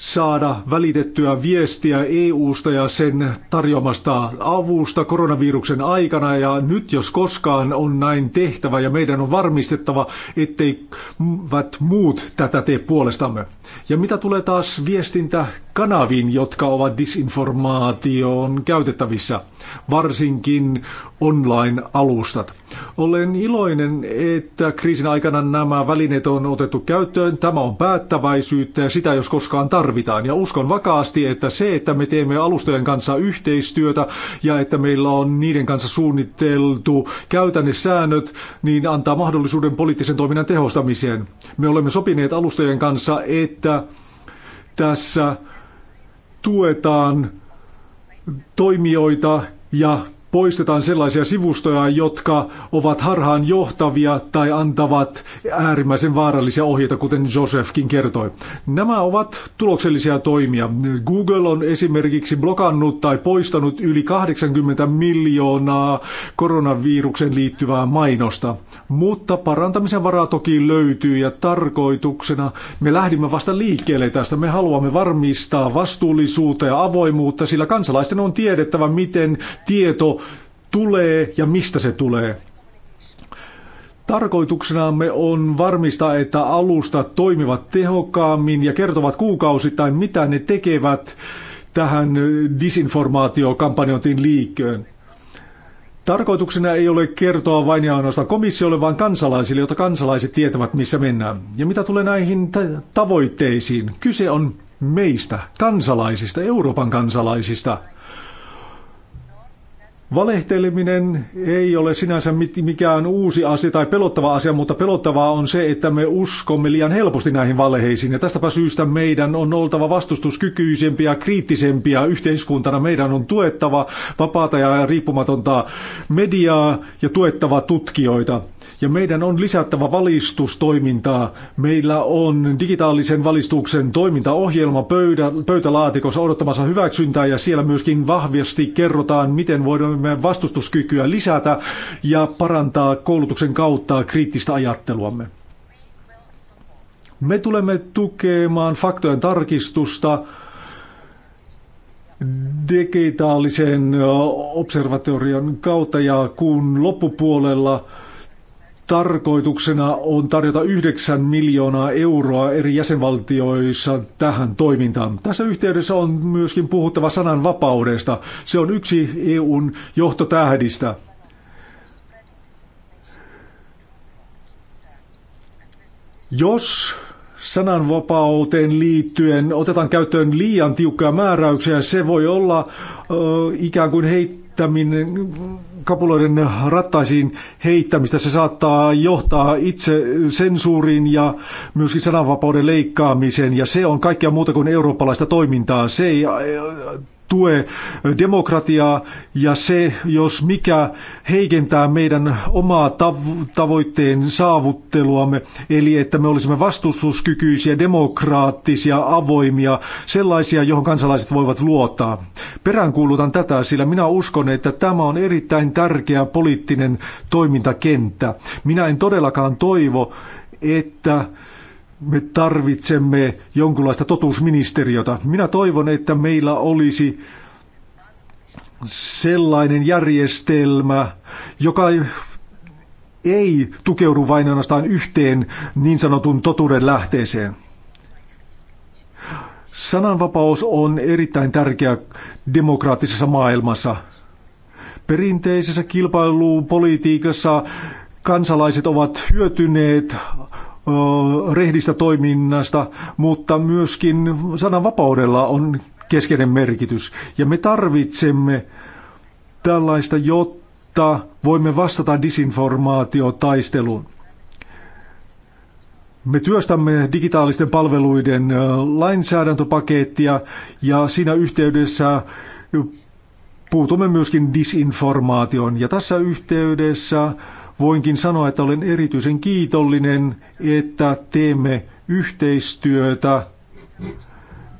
Speaker 4: saada välitettyä viestiä EU-sta ja sen tarjomasta avusta koronaviruksen aikana ja nyt jos koskaan on näin tehtävä ja meidän on varmistettava, etteivät muut tätä tee puolestamme. Ja mitä tulee taas viestintäkanaviin, jotka ovat disinformaation käytettävissä – varsinkin online-alustat. Olen iloinen, että kriisin aikana nämä välineet on otettu käyttöön. Tämä on päättäväisyyttä ja sitä jos koskaan tarvitaan. Ja uskon vakaasti, että se, että me teemme alustojen kanssa yhteistyötä ja että meillä on niiden kanssa suunniteltu käytännössäännöt, niin antaa mahdollisuuden poliittisen toiminnan tehostamiseen. Me olemme sopineet alustojen kanssa, että tässä tuetaan toimijoita ja poistetaan sellaisia sivustoja, jotka ovat harhaan johtavia tai antavat äärimmäisen vaarallisia ohjeita, kuten Josephkin kertoi. Nämä ovat tuloksellisia toimia. Google on esimerkiksi blokannut tai poistanut yli 80 miljoonaa koronaviruksen liittyvää mainosta. Mutta parantamisen varaa toki löytyy ja tarkoituksena me lähdimme vasta liikkeelle tästä. Me haluamme varmistaa vastuullisuutta ja avoimuutta, sillä kansalaisten on tiedettävä, miten tieto tulee ja mistä se tulee. Tarkoituksenamme on varmistaa, että alustat toimivat tehokkaammin ja kertovat kuukausittain, mitä ne tekevät tähän disinformaatiokampanjointiin liikkeen. Tarkoituksena ei ole kertoa vain ja ainoastaan komissiolle, vaan kansalaisille, jotta kansalaiset tietävät, missä mennään. Ja mitä tulee näihin tavoitteisiin, kyse on meistä, kansalaisista, Euroopan kansalaisista – Valehteleminen ei ole sinänsä mikään uusi asia tai pelottava asia, mutta pelottavaa on se, että me uskomme liian helposti näihin valheisiin. Ja tästäpä syystä meidän on oltava vastustuskykyisempiä, kriittisempiä yhteiskuntana. Meidän on tuettava vapaata ja riippumatonta mediaa ja tuettava tutkijoita. Ja meidän on lisättävä valistustoimintaa. Meillä on digitaalisen valistuksen toimintaohjelma pöydä, pöytälaatikossa odottamassa hyväksyntää ja siellä myöskin vahvasti kerrotaan, miten voimme vastustuskykyä lisätä ja parantaa koulutuksen kautta kriittistä ajatteluamme. Me tulemme tukemaan faktojen tarkistusta digitaalisen observatorion kautta ja kun loppupuolella Tarkoituksena on tarjota 9 miljoonaa euroa eri jäsenvaltioissa tähän toimintaan. Tässä yhteydessä on myöskin puhuttava sanan vapaudesta. Se on yksi EUn johtotähdistä. Jos sananvapauteen liittyen otetaan käyttöön liian tiukkoja määräyksiä, se voi olla ö, ikään kuin heittää tämän kapuloiden rattaisiin heittämistä, se saattaa johtaa itse sensuuriin ja myöskin sananvapauden leikkaamiseen, ja se on kaikkea muuta kuin eurooppalaista toimintaa. Se ei tue eh, demokratiaa ja se, jos mikä heikentää meidän omaa tav- tavoitteen saavutteluamme, eli että me olisimme vastustuskykyisiä, demokraattisia, avoimia, sellaisia, johon kansalaiset voivat luottaa. Peräänkuulutan tätä, sillä minä uskon, että tämä on erittäin tärkeä poliittinen toimintakenttä. Minä en todellakaan toivo, että me tarvitsemme jonkunlaista totuusministeriötä. Minä toivon, että meillä olisi sellainen järjestelmä, joka ei tukeudu vain ainoastaan yhteen niin sanotun totuuden lähteeseen. Sananvapaus on erittäin tärkeä demokraattisessa maailmassa. Perinteisessä kilpailupolitiikassa kansalaiset ovat hyötyneet rehdistä toiminnasta, mutta myöskin sananvapaudella on keskeinen merkitys. Ja me tarvitsemme tällaista, jotta voimme vastata disinformaatiotaisteluun. Me työstämme digitaalisten palveluiden lainsäädäntöpakettia ja siinä yhteydessä puutumme myöskin disinformaation. Ja tässä yhteydessä Voinkin sanoa, että olen erityisen kiitollinen, että teemme yhteistyötä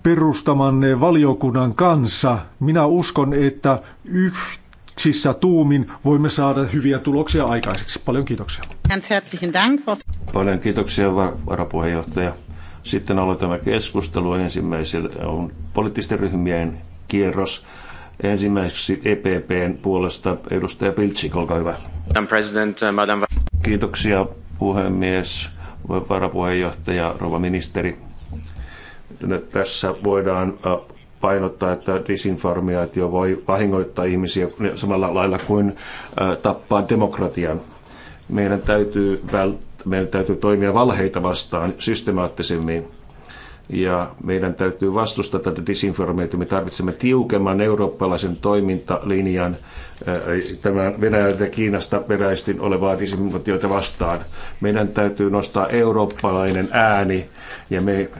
Speaker 4: perustamanne valiokunnan kanssa. Minä uskon, että yksissä tuumin voimme saada hyviä tuloksia aikaiseksi. Paljon kiitoksia.
Speaker 3: Paljon kiitoksia varapuheenjohtaja. Sitten aloitamme keskustelua. Ensimmäisellä on poliittisten ryhmien kierros. Ensimmäiseksi EPPn puolesta edustaja Piltsik, olkaa hyvä. Uh, Kiitoksia puhemies, varapuheenjohtaja, rouva ministeri. tässä voidaan uh, painottaa, että disinformaatio voi vahingoittaa ihmisiä samalla lailla kuin uh, tappaa demokratian. Meidän täytyy, vält- meidän täytyy toimia valheita vastaan systemaattisemmin ja meidän täytyy vastustaa tätä disinformaatiota. Me tarvitsemme tiukemman eurooppalaisen toimintalinjan eh, tämän Venäjältä ja Kiinasta peräistin olevaa disinformaatiota vastaan. Meidän täytyy nostaa eurooppalainen ääni ja me, eh,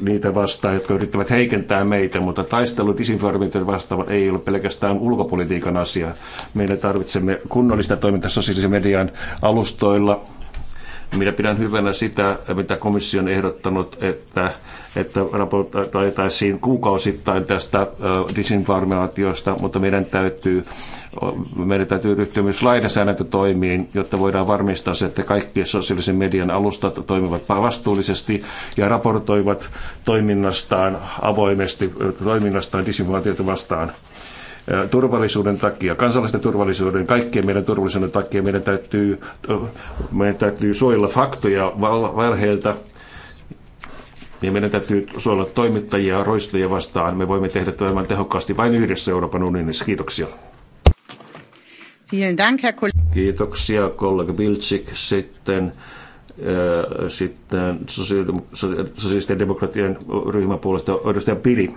Speaker 3: niitä vastaan, jotka yrittävät heikentää meitä, mutta taistelu disinformaatiota vastaan ei ole pelkästään ulkopolitiikan asia. Meidän tarvitsemme kunnollista toimintaa sosiaalisen median alustoilla, minä pidän hyvänä sitä, mitä komissio on ehdottanut, että, että raportoitaisiin kuukausittain tästä disinformaatiosta, mutta meidän täytyy, meidän täytyy ryhtyä myös lainsäädäntötoimiin, jotta voidaan varmistaa se, että kaikki sosiaalisen median alustat toimivat vastuullisesti ja raportoivat toiminnastaan avoimesti, toiminnastaan disinformaatiota vastaan turvallisuuden takia, kansallisten turvallisuuden, kaikkien meidän turvallisuuden takia meidän täytyy, meidän täytyy suojella faktoja valheilta ja meidän täytyy suojella toimittajia roistoja vastaan. Me voimme tehdä tämän tehokkaasti vain yhdessä Euroopan unionissa. Kiitoksia. Kiitoksia kollega Bilcik. Sitten sitten sosiaalisten demokratian ryhmän puolesta edustaja Piri.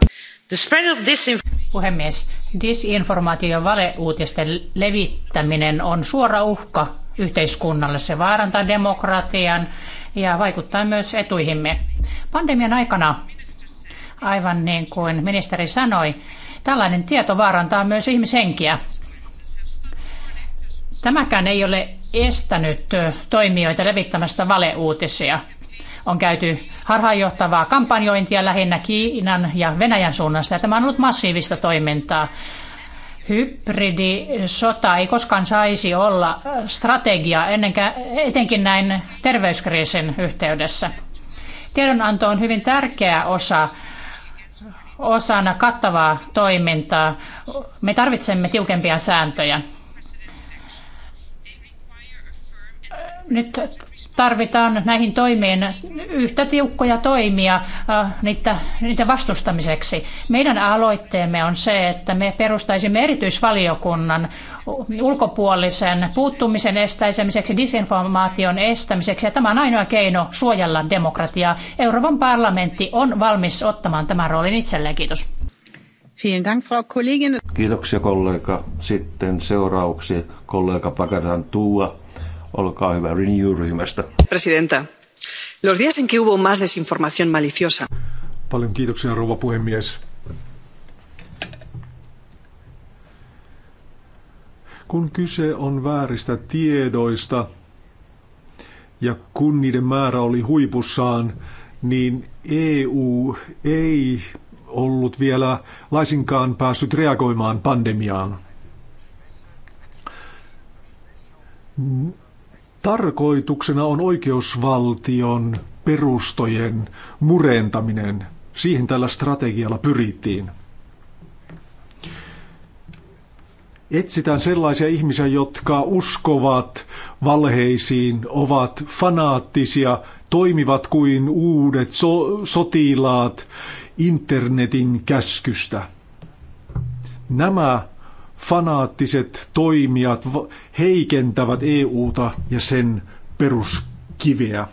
Speaker 1: The spread of this Puhemies, disinformaatio ja valeuutisten levittäminen on suora uhka yhteiskunnalle. Se vaarantaa demokratian ja vaikuttaa myös etuihimme. Pandemian aikana, aivan niin kuin ministeri sanoi, tällainen tieto vaarantaa myös ihmishenkiä. Tämäkään ei ole estänyt toimijoita levittämästä valeuutisia. On käyty harhaanjohtavaa kampanjointia lähinnä Kiinan ja Venäjän suunnasta ja tämä on ollut massiivista toimintaa. Hybridisota ei koskaan saisi olla strategia ennenkä, etenkin näin terveyskriisin yhteydessä. Tiedonanto on hyvin tärkeä osa osana kattavaa toimintaa. Me tarvitsemme tiukempia sääntöjä. Nyt tarvitaan näihin toimiin yhtä tiukkoja toimia äh, niitä, niitä vastustamiseksi. Meidän aloitteemme on se, että me perustaisimme erityisvaliokunnan ulkopuolisen puuttumisen estäisemiseksi, disinformaation estämiseksi. Ja tämä on ainoa keino suojella demokratiaa. Euroopan parlamentti on valmis ottamaan tämän roolin itselleen. Kiitos.
Speaker 3: Kiitoksia kollega. Sitten seuraavaksi kollega Pagadan Tuua Olkaa hyvä Renew-ryhmästä. Presidenta,
Speaker 1: los días en que hubo más desinformación maliciosa.
Speaker 4: Paljon kiitoksia, rouva puhemies. Kun kyse on vääristä tiedoista ja kun niiden määrä oli huipussaan, niin EU ei ollut vielä laisinkaan päässyt reagoimaan pandemiaan. Tarkoituksena on oikeusvaltion perustojen murentaminen. Siihen tällä strategialla pyrittiin. Etsitään sellaisia ihmisiä, jotka uskovat valheisiin, ovat fanaattisia, toimivat kuin uudet so- sotilaat internetin käskystä. Nämä fanaattiset toimijat heikentävät EUta ja sen peruskiveä.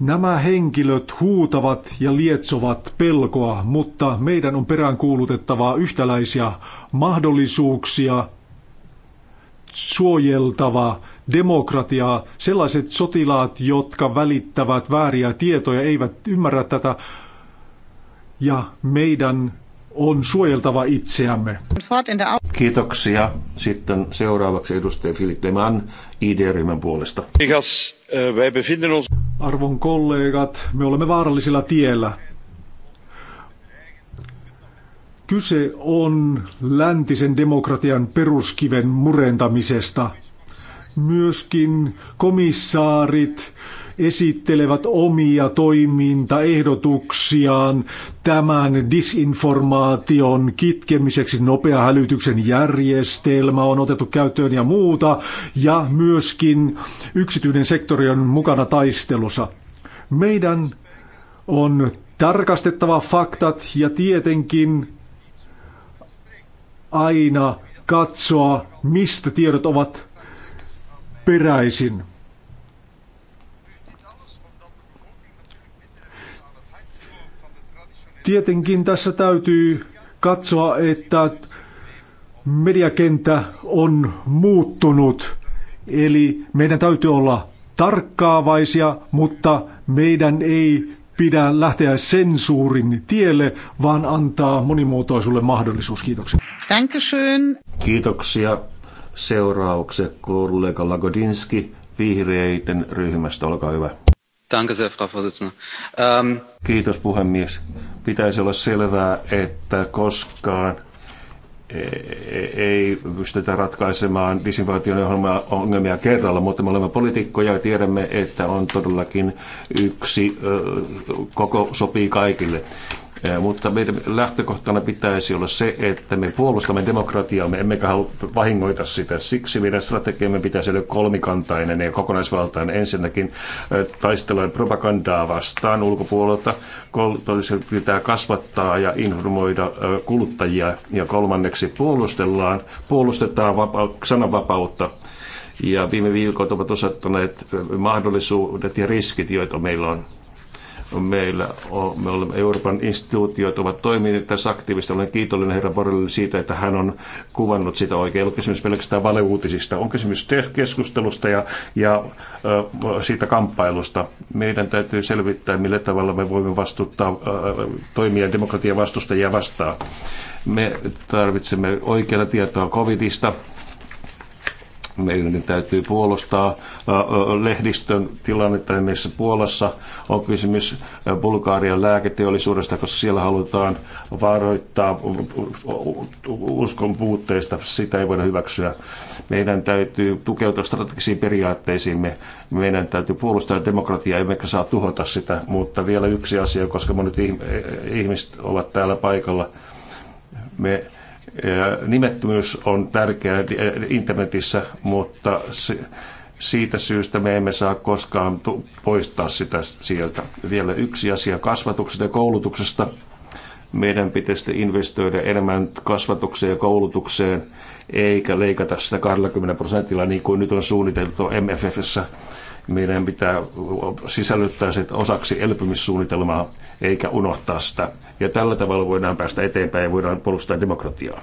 Speaker 4: Nämä henkilöt huutavat ja lietsovat pelkoa, mutta meidän on peräänkuulutettava yhtäläisiä mahdollisuuksia, suojeltava demokratiaa. Sellaiset sotilaat, jotka välittävät vääriä tietoja, eivät ymmärrä tätä. Ja meidän on suojeltava itseämme.
Speaker 3: Kiitoksia. Sitten seuraavaksi edustaja Filip Leman ID-ryhmän puolesta.
Speaker 4: Arvon kollegat, me olemme vaarallisella tiellä. Kyse on läntisen demokratian peruskiven murentamisesta. Myöskin komissaarit esittelevät omia toimintaehdotuksiaan tämän disinformaation kitkemiseksi. Nopea hälytyksen järjestelmä on otettu käyttöön ja muuta, ja myöskin yksityinen sektori on mukana taistelussa. Meidän on tarkastettava faktat ja tietenkin aina katsoa, mistä tiedot ovat peräisin. Tietenkin tässä täytyy katsoa, että mediakenttä on muuttunut. Eli meidän täytyy olla tarkkaavaisia, mutta meidän ei pidä lähteä sensuurin tielle,
Speaker 3: vaan antaa monimuotoisuudelle mahdollisuus. Kiitoksia.
Speaker 2: Dankeschön.
Speaker 3: Kiitoksia. Seuraavaksi kollega Lagodinski vihreiden ryhmästä. Olkaa hyvä.
Speaker 2: Frau Vorsitzende. Ähm...
Speaker 3: Kiitos puhemies. Pitäisi olla selvää, että koskaan e, e, ei pystytä ratkaisemaan disinvaation ongelmia kerralla, mutta me olemme poliitikkoja ja tiedämme, että on todellakin yksi koko sopii kaikille. Eh, mutta meidän lähtökohtana pitäisi olla se, että me puolustamme demokratiaa, me emmekä halua vahingoita sitä. Siksi meidän strategiamme pitäisi olla kolmikantainen ja kokonaisvaltainen. Ensinnäkin eh, taistellaan propagandaa vastaan ulkopuolelta, toisen pitää kasvattaa ja informoida eh, kuluttajia ja kolmanneksi puolustellaan, puolustetaan vapa- sananvapautta ja viime viikot ovat osattaneet mahdollisuudet ja riskit, joita meillä on. Meillä on, me olemme, Euroopan instituutiot ovat toimineet tässä aktiivisesti. Olen kiitollinen herra Borrellille siitä, että hän on kuvannut sitä oikein. Ei ole kysymys pelkästään valeuutisista, on kysymys keskustelusta ja, ja siitä kamppailusta. Meidän täytyy selvittää, millä tavalla me voimme vastuuttaa toimia demokratian vastustajia vastaan. Me tarvitsemme oikeaa tietoa covidista, meidän täytyy puolustaa lehdistön tilannetta esimerkiksi Puolassa. On kysymys Bulgarian lääketeollisuudesta, koska siellä halutaan varoittaa uskon puutteista. Sitä ei voida hyväksyä. Meidän täytyy tukeutua strategisiin periaatteisiimme. Meidän täytyy puolustaa demokratiaa, emmekä saa tuhota sitä. Mutta vielä yksi asia, koska monet ihmiset ovat täällä paikalla. Me Nimettömyys on tärkeää internetissä, mutta siitä syystä me emme saa koskaan poistaa sitä sieltä. Vielä yksi asia kasvatuksesta ja koulutuksesta. Meidän pitäisi investoida enemmän kasvatukseen ja koulutukseen, eikä leikata sitä 20 prosentilla niin kuin nyt on suunniteltu MFFssä meidän pitää sisällyttää se osaksi elpymissuunnitelmaa eikä unohtaa sitä. Ja tällä tavalla voidaan päästä eteenpäin ja voidaan puolustaa demokratiaa.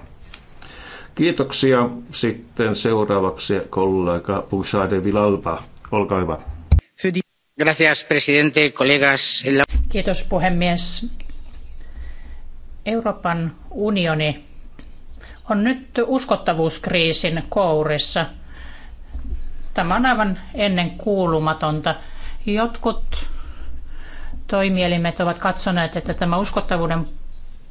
Speaker 3: Kiitoksia. Sitten seuraavaksi kollega Bouchard Vilalpa. Olkaa hyvä.
Speaker 1: Gracias, presidente, colegas. Kiitos puhemies. Euroopan unioni on nyt uskottavuuskriisin kourissa – Tämä on aivan ennen kuulumatonta. Jotkut toimielimet ovat katsoneet, että tämä uskottavuuden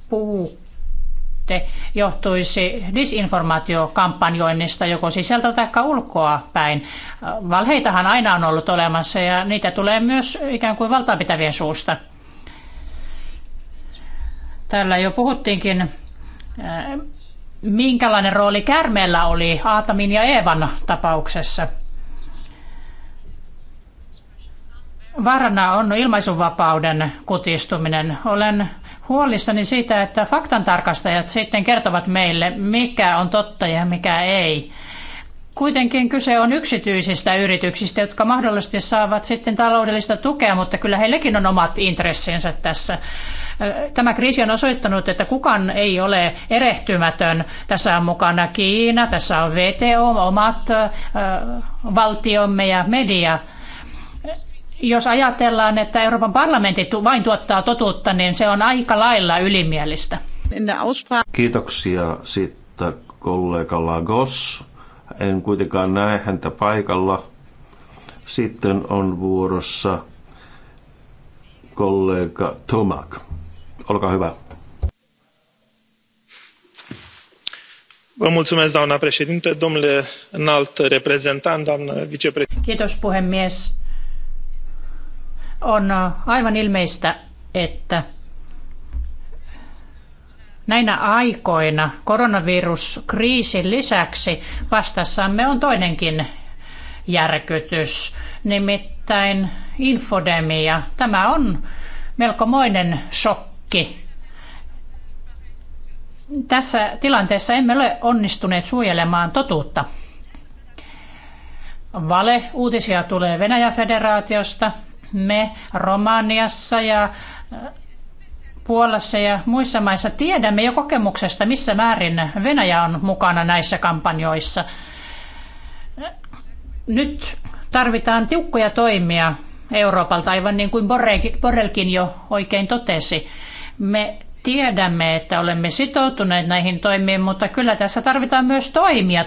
Speaker 1: puute johtuisi disinformaatiokampanjoinnista joko sisältä tai ulkoa päin. Valheitahan aina on ollut olemassa ja niitä tulee myös ikään kuin valtaapitävien suusta. Täällä jo puhuttiinkin, minkälainen rooli kärmeellä oli Aatamin ja Eevan tapauksessa – Vaarana on ilmaisunvapauden kutistuminen. Olen huolissani siitä, että faktantarkastajat sitten kertovat meille, mikä on totta ja mikä ei. Kuitenkin kyse on yksityisistä yrityksistä, jotka mahdollisesti saavat sitten taloudellista tukea, mutta kyllä heilläkin on omat intressinsä tässä. Tämä kriisi on osoittanut, että kukaan ei ole erehtymätön. Tässä on mukana Kiina, tässä on VTO, omat valtiomme ja media jos ajatellaan, että Euroopan parlamentti vain tuottaa totuutta, niin se on aika lailla ylimielistä.
Speaker 3: Kiitoksia siitä kollega Lagos. En kuitenkaan näe häntä paikalla. Sitten on vuorossa kollega Tomak. Olkaa hyvä.
Speaker 1: Kiitos puhemies on äh, aivan ilmeistä, että näinä aikoina koronaviruskriisin lisäksi vastassamme on toinenkin järkytys, nimittäin infodemia. Tämä on melkomoinen shokki. Tässä tilanteessa emme ole onnistuneet suojelemaan totuutta. Vale uutisia tulee Venäjä-federaatiosta, me Romaniassa ja äh, Puolassa ja muissa maissa tiedämme jo kokemuksesta, missä määrin Venäjä on mukana näissä kampanjoissa. Nyt tarvitaan tiukkoja toimia Euroopalta, aivan niin kuin Borrellkin jo oikein totesi. Me tiedämme, että olemme sitoutuneet näihin toimiin, mutta kyllä tässä tarvitaan myös toimia.